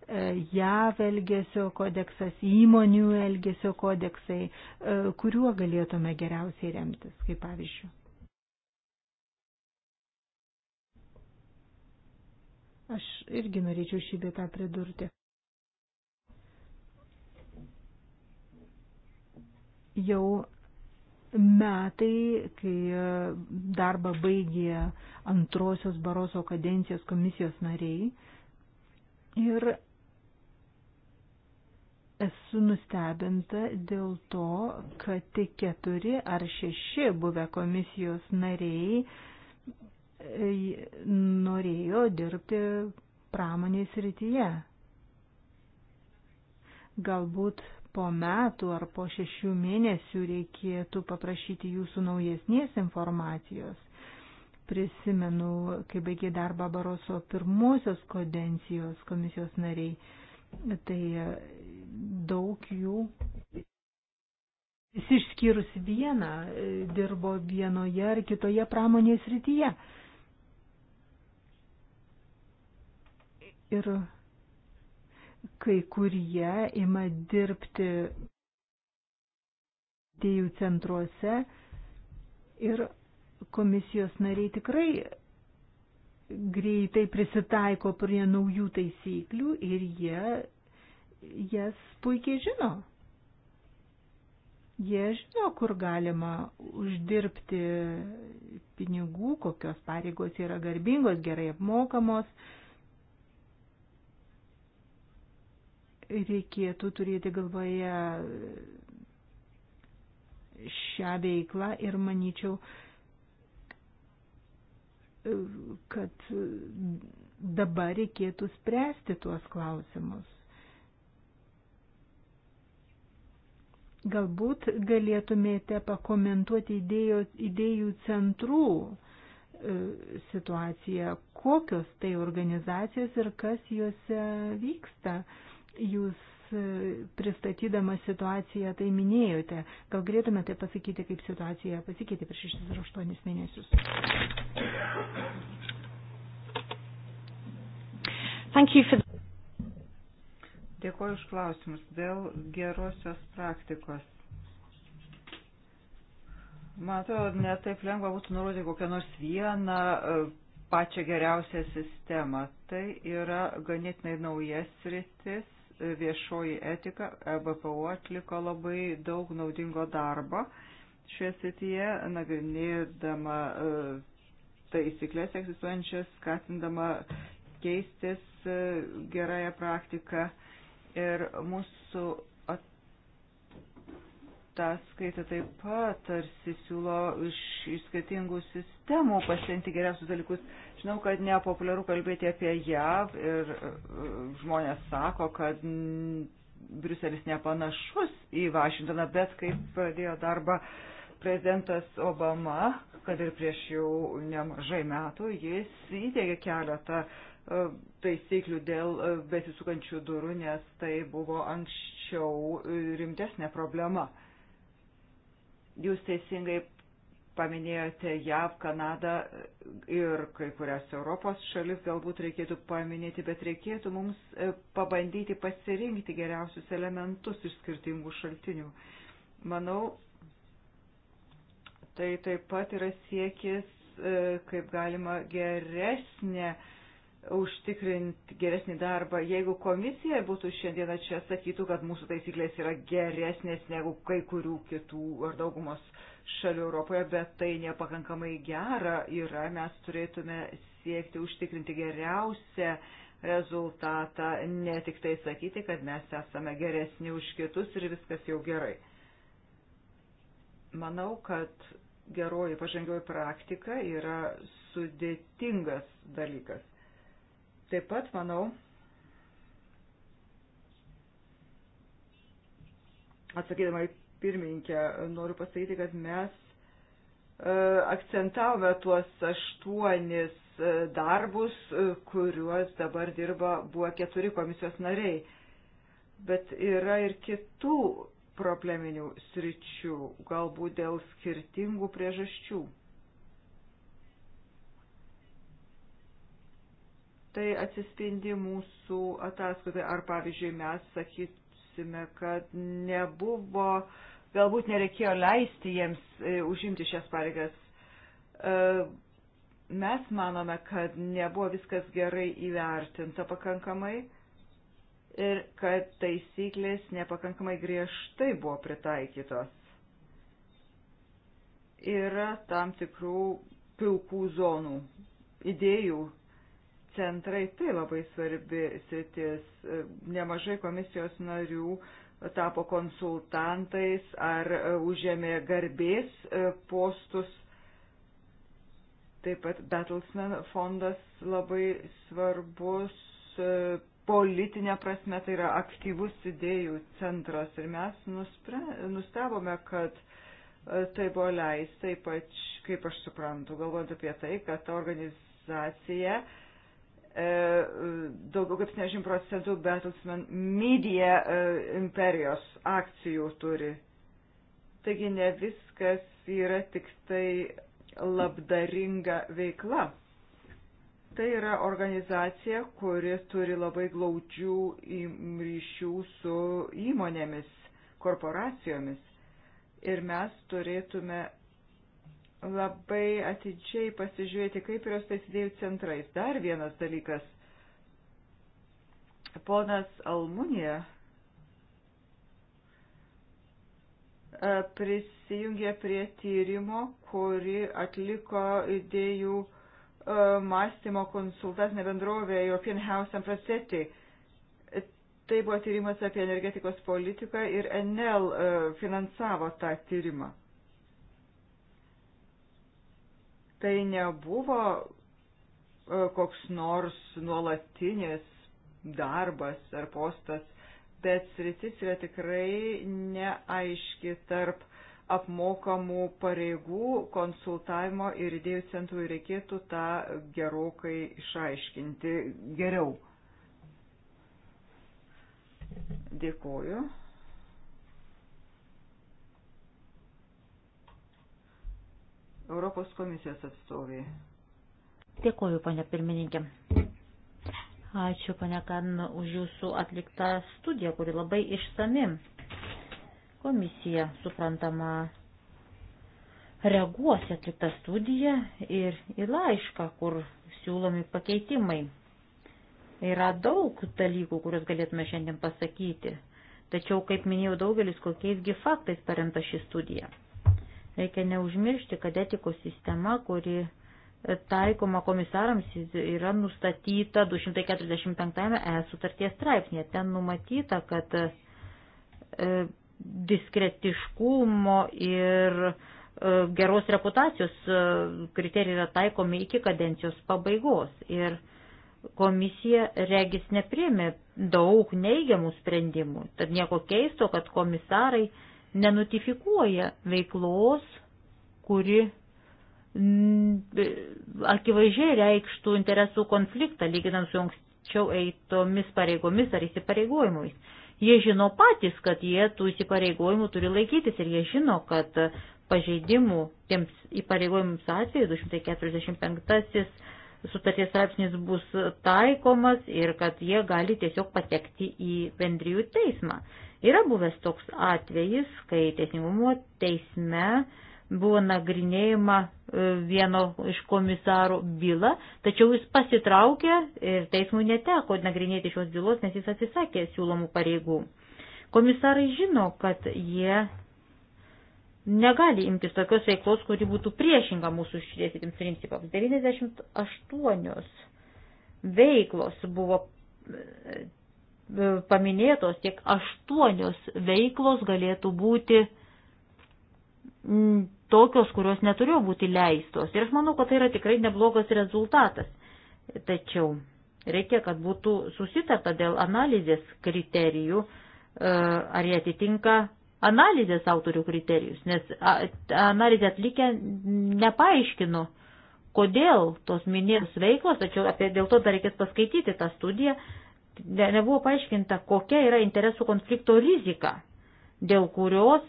[SPEAKER 2] e, JAV elgesio kodeksas, įmonių elgesio kodeksai, e, kuriuo galėtume geriausiai remtis, kaip pavyzdžiui. Aš irgi norėčiau šį beitą pridurti. Jau metai, kai darbą baigė antrosios Baroso kadencijos komisijos nariai ir esu nustebinta dėl to, kad tik keturi ar šeši buvę komisijos nariai norėjo dirbti pramonės rytyje. Galbūt po metų ar po šešių mėnesių reikėtų paprašyti jūsų naujesnės informacijos. Prisimenu, kai baigė darbą Baroso pirmosios kodencijos komisijos nariai, tai daug jų Visi išskyrus vieną dirbo vienoje ar kitoje pramonės rytyje. Ir kai kurie ima dirbti dėjų centruose ir komisijos nariai tikrai greitai prisitaiko prie naujų taisyklių ir jie jas puikiai žino. Jie žino, kur galima uždirbti pinigų, kokios pareigos yra garbingos, gerai apmokamos, reikėtų turėti galvoje šią veiklą ir manyčiau, kad dabar reikėtų spręsti tuos klausimus. Galbūt galėtumėte pakomentuoti idėjų, idėjų centrų e, situaciją, kokios tai organizacijos ir kas juose vyksta. Jūs e, pristatydama situaciją tai minėjote. Gal galėtumėte tai pasakyti, kaip situacija pasikeitė prieš 6 ar 8 mėnesius?
[SPEAKER 3] For... Dėkuoju už klausimus dėl gerosios praktikos. Man atrodo, netaip lengva būtų nurodyti kokią nors vieną e, pačią geriausią sistemą. Tai yra ganėtinai naujas rytis viešoji etika, EBPO atliko labai daug naudingo darbo šioje srityje, nagrinėdama e, taisyklės egzistuojančias, skatindama keistis e, gerąją praktiką. Ir mūsų ataskaita taip pat tarsi siūlo iš skirtingų sistemų pasirinkti geriausius dalykus. Žinau, kad nepopuliaru kalbėti apie JAV ir e, žmonės sako, kad Briuselis nepanašus į Vašingtoną, bet kaip pradėjo darbą prezidentas Obama, kad ir prieš jau nemažai metų, jis įdėgė keletą e, taisyklių dėl e, besisukančių durų, nes tai buvo anksčiau rimtesnė problema. Jūs teisingai paminėjote JAV, Kanadą ir kai kurias Europos šalis galbūt reikėtų paminėti, bet reikėtų mums e, pabandyti pasirinkti geriausius elementus iš skirtingų šaltinių. Manau, tai taip pat yra siekis e, kaip galima geresnė užtikrinti geresnį darbą. Jeigu komisija būtų šiandieną čia, sakytų, kad mūsų taisyklės yra geresnės negu kai kurių kitų ar daugumos šalių Europoje, bet tai nepakankamai gera yra, mes turėtume siekti užtikrinti geriausią rezultatą, ne tik tai sakyti, kad mes esame geresni už kitus ir viskas jau gerai. Manau, kad geroji pažangioji praktika yra sudėtingas dalykas Taip pat manau, atsakydama į pirmininkę, noriu pasakyti, kad mes e, akcentavome tuos aštuonis e, darbus, e, kuriuos dabar dirba buvo keturi komisijos nariai. Bet yra ir kitų probleminių sričių, galbūt dėl skirtingų priežasčių. tai atsispindi mūsų ataskaitoje. Ar pavyzdžiui mes sakysime, kad nebuvo, galbūt nereikėjo leisti jiems e, užimti šias pareigas. E, mes manome, kad nebuvo viskas gerai įvertinta pakankamai ir kad taisyklės nepakankamai griežtai buvo pritaikytos. Yra tam tikrų pilkų zonų, idėjų centrai tai labai svarbi sritis. Nemažai komisijos narių tapo konsultantais ar užėmė garbės postus. Taip pat Battlesman fondas labai svarbus politinė prasme, tai yra aktyvus idėjų centras. Ir mes nuspre, nustebome, kad tai buvo leista, ypač, kaip aš suprantu, galvojant apie tai, kad ta organizacija uh, E, daugiau kaip 70 procentų Bertelsmann Media e, imperijos akcijų turi. Taigi ne viskas yra tik tai labdaringa veikla. Tai yra organizacija, kuri turi labai glaudžių ryšių su įmonėmis, korporacijomis. Ir mes turėtume labai atidžiai pasižiūrėti, kaip yra su tais idėjų centrais. Dar vienas dalykas. Ponas Almunija e, prisijungė prie tyrimo, kuri atliko idėjų e, mąstymo konsultacinė bendrovė European House and Procetti. Tai buvo tyrimas apie energetikos politiką ir NL e, finansavo tą tyrimą. Tai nebuvo e, koks nors nuolatinis darbas ar postas, bet sritis yra tikrai neaiški tarp apmokamų pareigų, konsultavimo ir idėjų centrų ir reikėtų tą gerokai išaiškinti geriau. Dėkuoju. Europos komisijos atstovai.
[SPEAKER 1] Dėkoju, ponia pirmininkė. Ačiū, ponia Kan, už jūsų atliktą studiją, kuri labai išsami. Komisija, suprantama, reaguos atliktą studiją ir į laišką, kur siūlomi pakeitimai. Yra daug dalykų, kuriuos galėtume šiandien pasakyti. Tačiau, kaip minėjau, daugelis kokiaisgi faktais paremta ši studija. Reikia neužmiršti, kad etikos sistema, kuri taikoma komisarams yra nustatyta 245 E sutarties straipsnėje. Ten numatyta, kad e, diskretiškumo ir e, geros reputacijos e, kriterijai yra taikomi iki kadencijos pabaigos. Ir komisija regis nepriemė daug neigiamų sprendimų. Tad nieko keisto, kad komisarai nenutifikuoja veiklos, kuri mm, akivaizdžiai reikštų interesų konfliktą, lyginant su anksčiau eitomis pareigomis ar įsipareigojimais. Jie žino patys, kad jie tų įsipareigojimų turi laikytis ir jie žino, kad pažeidimų tiems įpareigojimams atveju 245 sutarties straipsnis bus taikomas ir kad jie gali tiesiog patekti į bendrijų teismą. Yra buvęs toks atvejis, kai teisingumo teisme buvo nagrinėjama e, vieno iš komisarų byla, tačiau jis pasitraukė ir teismui neteko nagrinėti šios bylos, nes jis atsisakė siūlomų pareigų. Komisarai žino, kad jie negali imtis tokios veiklos, kuri būtų priešinga mūsų išdėstytiems principams. 98 veiklos buvo E, paminėtos, tiek aštuonios veiklos galėtų būti mm, tokios, kurios neturėjo būti leistos. Ir aš manau, kad tai yra tikrai neblogas rezultatas. Tačiau reikia, kad būtų susitarta dėl analizės kriterijų, e, ar jie atitinka analizės autorių kriterijus, nes analizę atlikę nepaaiškinu, kodėl tos minėtos veiklos, tačiau apie dėl to dar reikės paskaityti tą studiją, nebuvo paaiškinta, kokia yra interesų konflikto rizika, dėl kurios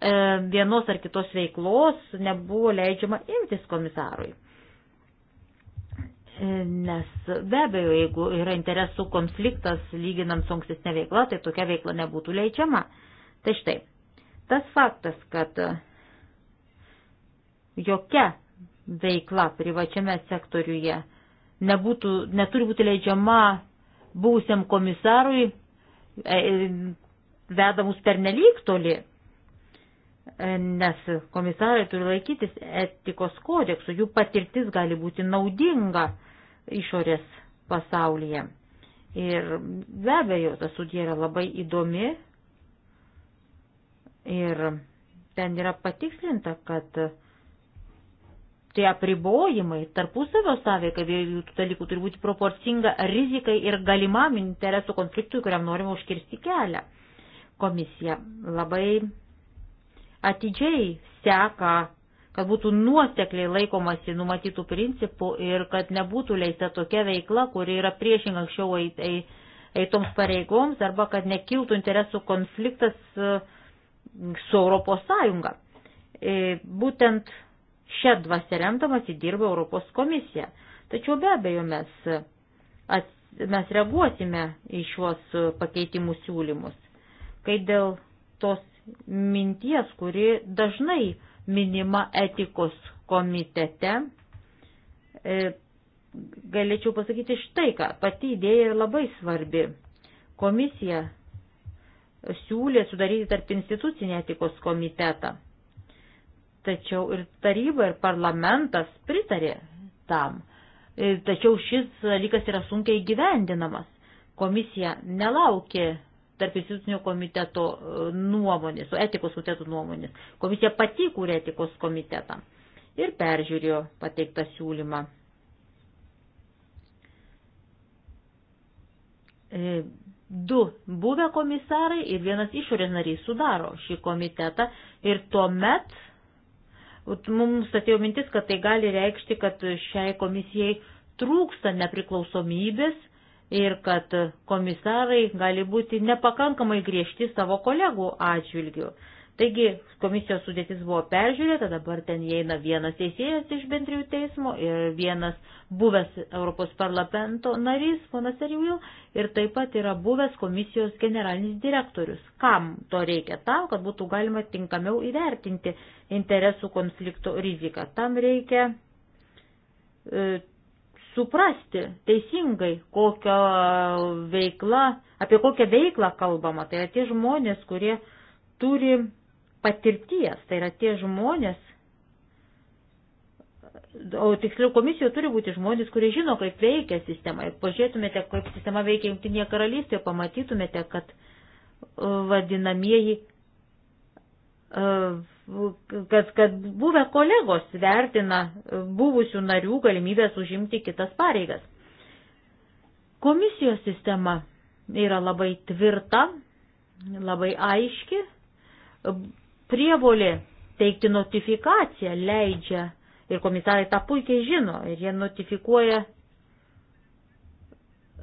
[SPEAKER 1] e, vienos ar kitos veiklos nebuvo leidžiama imtis komisarui. E, nes be abejo, jeigu yra interesų konfliktas lyginant su ankstesnė veikla, tai tokia veikla nebūtų leidžiama. Tai štai, tas faktas, kad e, jokia veikla privačiame sektoriuje nebūtų, neturi būti leidžiama būsim komisarui e, vedamus pernelyg toli, e, nes komisarai turi laikytis etikos kodeksų, jų patirtis gali būti naudinga išorės pasaulyje. Ir be abejo, ta sudė yra labai įdomi ir ten yra patikslinta, kad tie apribojimai tarpusavio sąveika abiejų tų dalykų turi būti proporcinga rizikai ir galimam interesų konfliktui, kuriam norima užkirsti kelią. Komisija labai atidžiai seka, kad būtų nuosekliai laikomasi numatytų principų ir kad nebūtų leista tokia veikla, kuri yra priešinga anksčiau eitoms pareigoms arba kad nekiltų interesų konfliktas e, su Europos Sąjunga. E, būtent Šią dvasę remdamas įdirbo Europos komisija. Tačiau be abejo mes, at, mes reaguosime į šiuos pakeitimų siūlymus. Kai dėl tos minties, kuri dažnai minima etikos komitete, e, galėčiau pasakyti štai ką, pati idėja yra labai svarbi. Komisija siūlė sudaryti tarp institucinį etikos komitetą. Tačiau ir taryba, ir parlamentas pritarė tam. E, tačiau šis dalykas yra sunkiai gyvendinamas. Komisija nelaukė tarp institucinio komiteto e, nuomonės, o etikos komiteto nuomonės. Komisija pati kūrė etikos komitetą ir peržiūrėjo pateiktą siūlymą. E, du buvę komisarai ir vienas išorės narys sudaro šį komitetą ir tuomet Mums atėjo mintis, kad tai gali reikšti, kad šiai komisijai trūksta nepriklausomybės ir kad komisarai gali būti nepakankamai griežti savo kolegų atžvilgių. Taigi komisijos sudėtis buvo peržiūrėta, dabar ten įeina vienas teisėjas iš bendrijų teismo ir vienas buvęs Europos parlamento narys, ponas Arijų, ir taip pat yra buvęs komisijos generalinis direktorius. Kam to reikia? Tam, kad būtų galima tinkamiau įvertinti interesų konflikto riziką. Tam reikia e, suprasti teisingai, kokią veiklą, apie kokią veiklą kalbama. Tai yra tie žmonės, kurie turi patirties, tai yra tie žmonės, o tiksliau komisijoje turi būti žmonės, kurie žino, kaip veikia sistema. Jeigu pažiūrėtumėte, kaip sistema veikia Junktinėje karalystėje, pamatytumėte, kad e, vadinamieji, e, kad, kad buvę kolegos vertina buvusių narių galimybės užimti kitas pareigas. Komisijos sistema yra labai tvirta, labai aiški, prievolė teikti notifikaciją leidžia, ir komisarai tą puikiai žino, ir jie notifikuoja,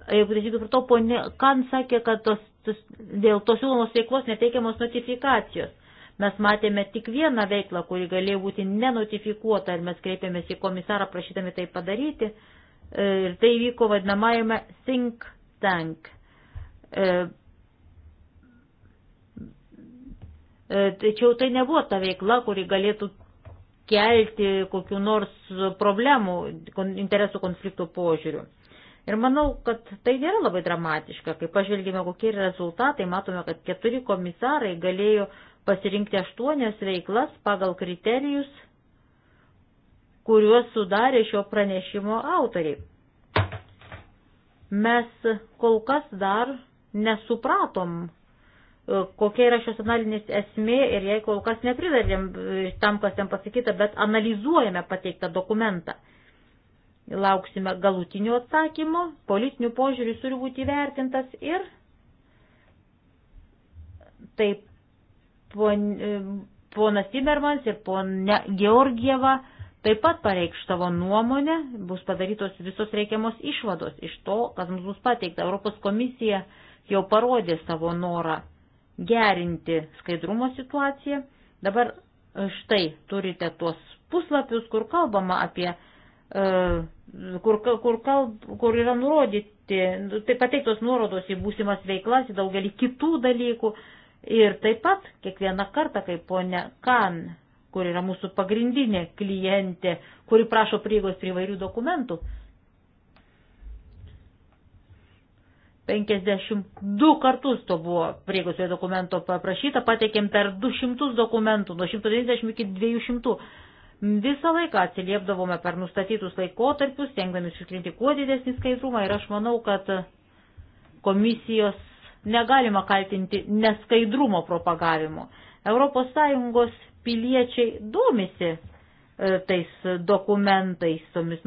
[SPEAKER 1] jeigu teisingai supratau, ponė Kan sakė, kad tos, tos, dėl tos siūlomos veiklos neteikiamos notifikacijos. Mes matėme tik vieną veiklą, kuri galėjo būti nenotifikuota ir mes kreipėmės į komisarą prašydami tai padaryti. E, ir tai vyko vadinamajame think tank e, E, tačiau tai nebuvo ta veikla, kuri galėtų kelti kokiu nors problemų interesų konfliktų požiūriu. Ir manau, kad tai nėra labai dramatiška. Kai pažvelgime, kokie yra rezultatai, matome, kad keturi komisarai galėjo pasirinkti aštuonias veiklas pagal kriterijus, kuriuos sudarė šio pranešimo autoriai. Mes kol kas dar nesupratom E, kokia yra šios analizės esmė ir jei kol kas nepridarėm e, tam, kas ten pasakyta, bet analizuojame pateiktą dokumentą. Lauksime galutinių atsakymų, politinių požiūrį turi būti įvertintas ir taip pon, e, ponas Timermans ir ponė Georgieva taip pat pareikš savo nuomonę, bus padarytos visos reikiamos išvados iš to, kas mums bus pateikta. Europos komisija jau parodė savo norą gerinti skaidrumo situaciją. Dabar e, štai turite tuos puslapius, kur kalbama apie, e, kur, kur, kalb, kur yra nurodyti, tai pateiktos nuorodos į būsimas veiklas, į daugelį kitų dalykų. Ir taip pat kiekvieną kartą, kai ponia Kan, kur yra mūsų pagrindinė klientė, kuri prašo prieigos prie vairių dokumentų, 52 kartus to buvo prieigos prie dokumento paprašyta, pateikėm per 200 dokumentų, nuo 190 iki 200. Visą laiką atsiliepdavome per nustatytus laikotarpius, tenkdami užtikrinti kuo didesnį skaidrumą ir aš manau, kad komisijos negalima kaltinti neskaidrumo propagavimu. ES piliečiai domisi e, tais dokumentais, tomis,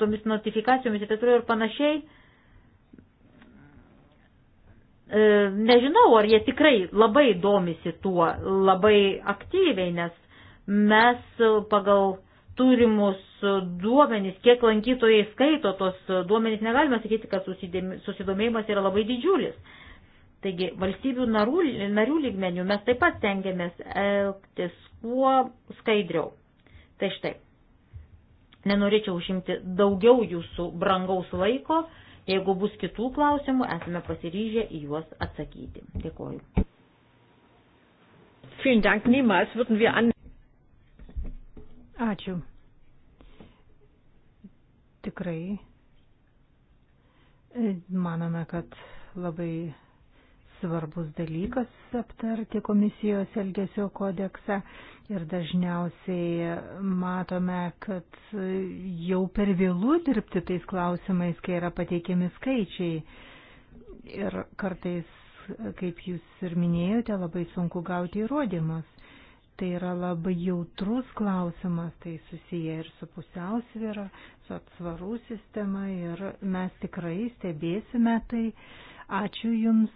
[SPEAKER 1] tomis notifikacijomis ir taip toliau ir panašiai E, nežinau, ar jie tikrai labai domisi tuo, labai aktyviai, nes mes pagal turimus duomenys, kiek lankytojai skaito tos duomenys, negalime sakyti, kad susidomėjimas yra labai didžiulis. Taigi valstybių narų, narių lygmenių mes taip pat tengiamės elgtis kuo skaidriau. Tai štai, nenorėčiau užimti daugiau jūsų brangaus laiko Jeigu bus kitų klausimų, esame pasiryžę į juos atsakyti. Dėkoju. Vielen Dank, niemals würden wir an. Ačiū.
[SPEAKER 2] Tikrai e, manome, kad labai svarbus dalykas aptarti komisijos elgesio kodeksą ir dažniausiai matome, kad jau per vėlų dirbti tais klausimais, kai yra pateikiami skaičiai. Ir kartais, kaip jūs ir minėjote, labai sunku gauti įrodymus. Tai yra labai jautrus klausimas, tai susiję ir su pusiausvėra, su atsvarų sistema ir mes tikrai stebėsime tai. Ačiū Jums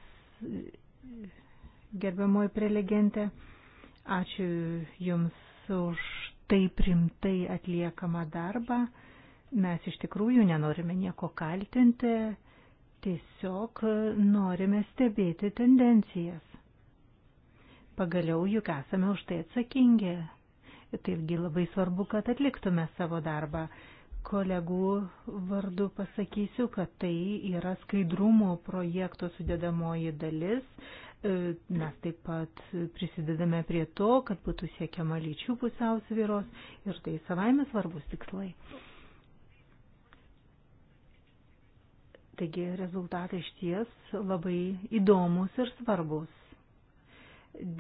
[SPEAKER 2] gerbiamoji prelegentė. Ačiū Jums už taip rimtai atliekamą darbą. Mes iš tikrųjų nenorime nieko kaltinti, tiesiog norime stebėti tendencijas. Pagaliau juk esame už tai atsakingi. Taigi labai svarbu, kad atliktume savo darbą kolegų vardu pasakysiu, kad tai yra skaidrumo projekto sudėdamoji dalis. E, mes taip pat prisidedame prie to, kad būtų siekiama lyčių pusiausvyros ir tai savaime svarbus tikslai. Taigi rezultatai išties labai įdomus ir svarbus.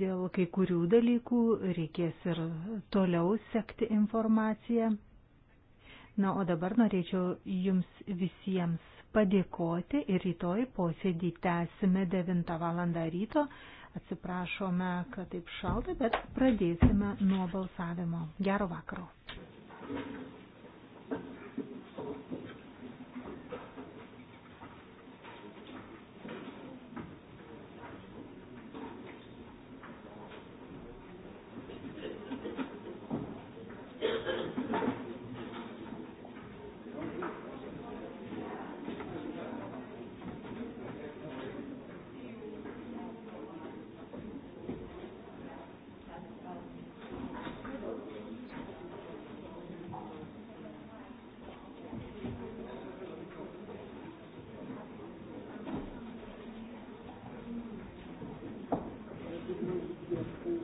[SPEAKER 2] Dėl kai kurių dalykų reikės ir toliau sekti informaciją Na, o dabar norėčiau jums visiems padėkoti ir rytoj posėdį tęsime 9 val. ryto. Atsiprašome, kad taip šalta, bet pradėsime nuo balsavimo. Gero vakaro.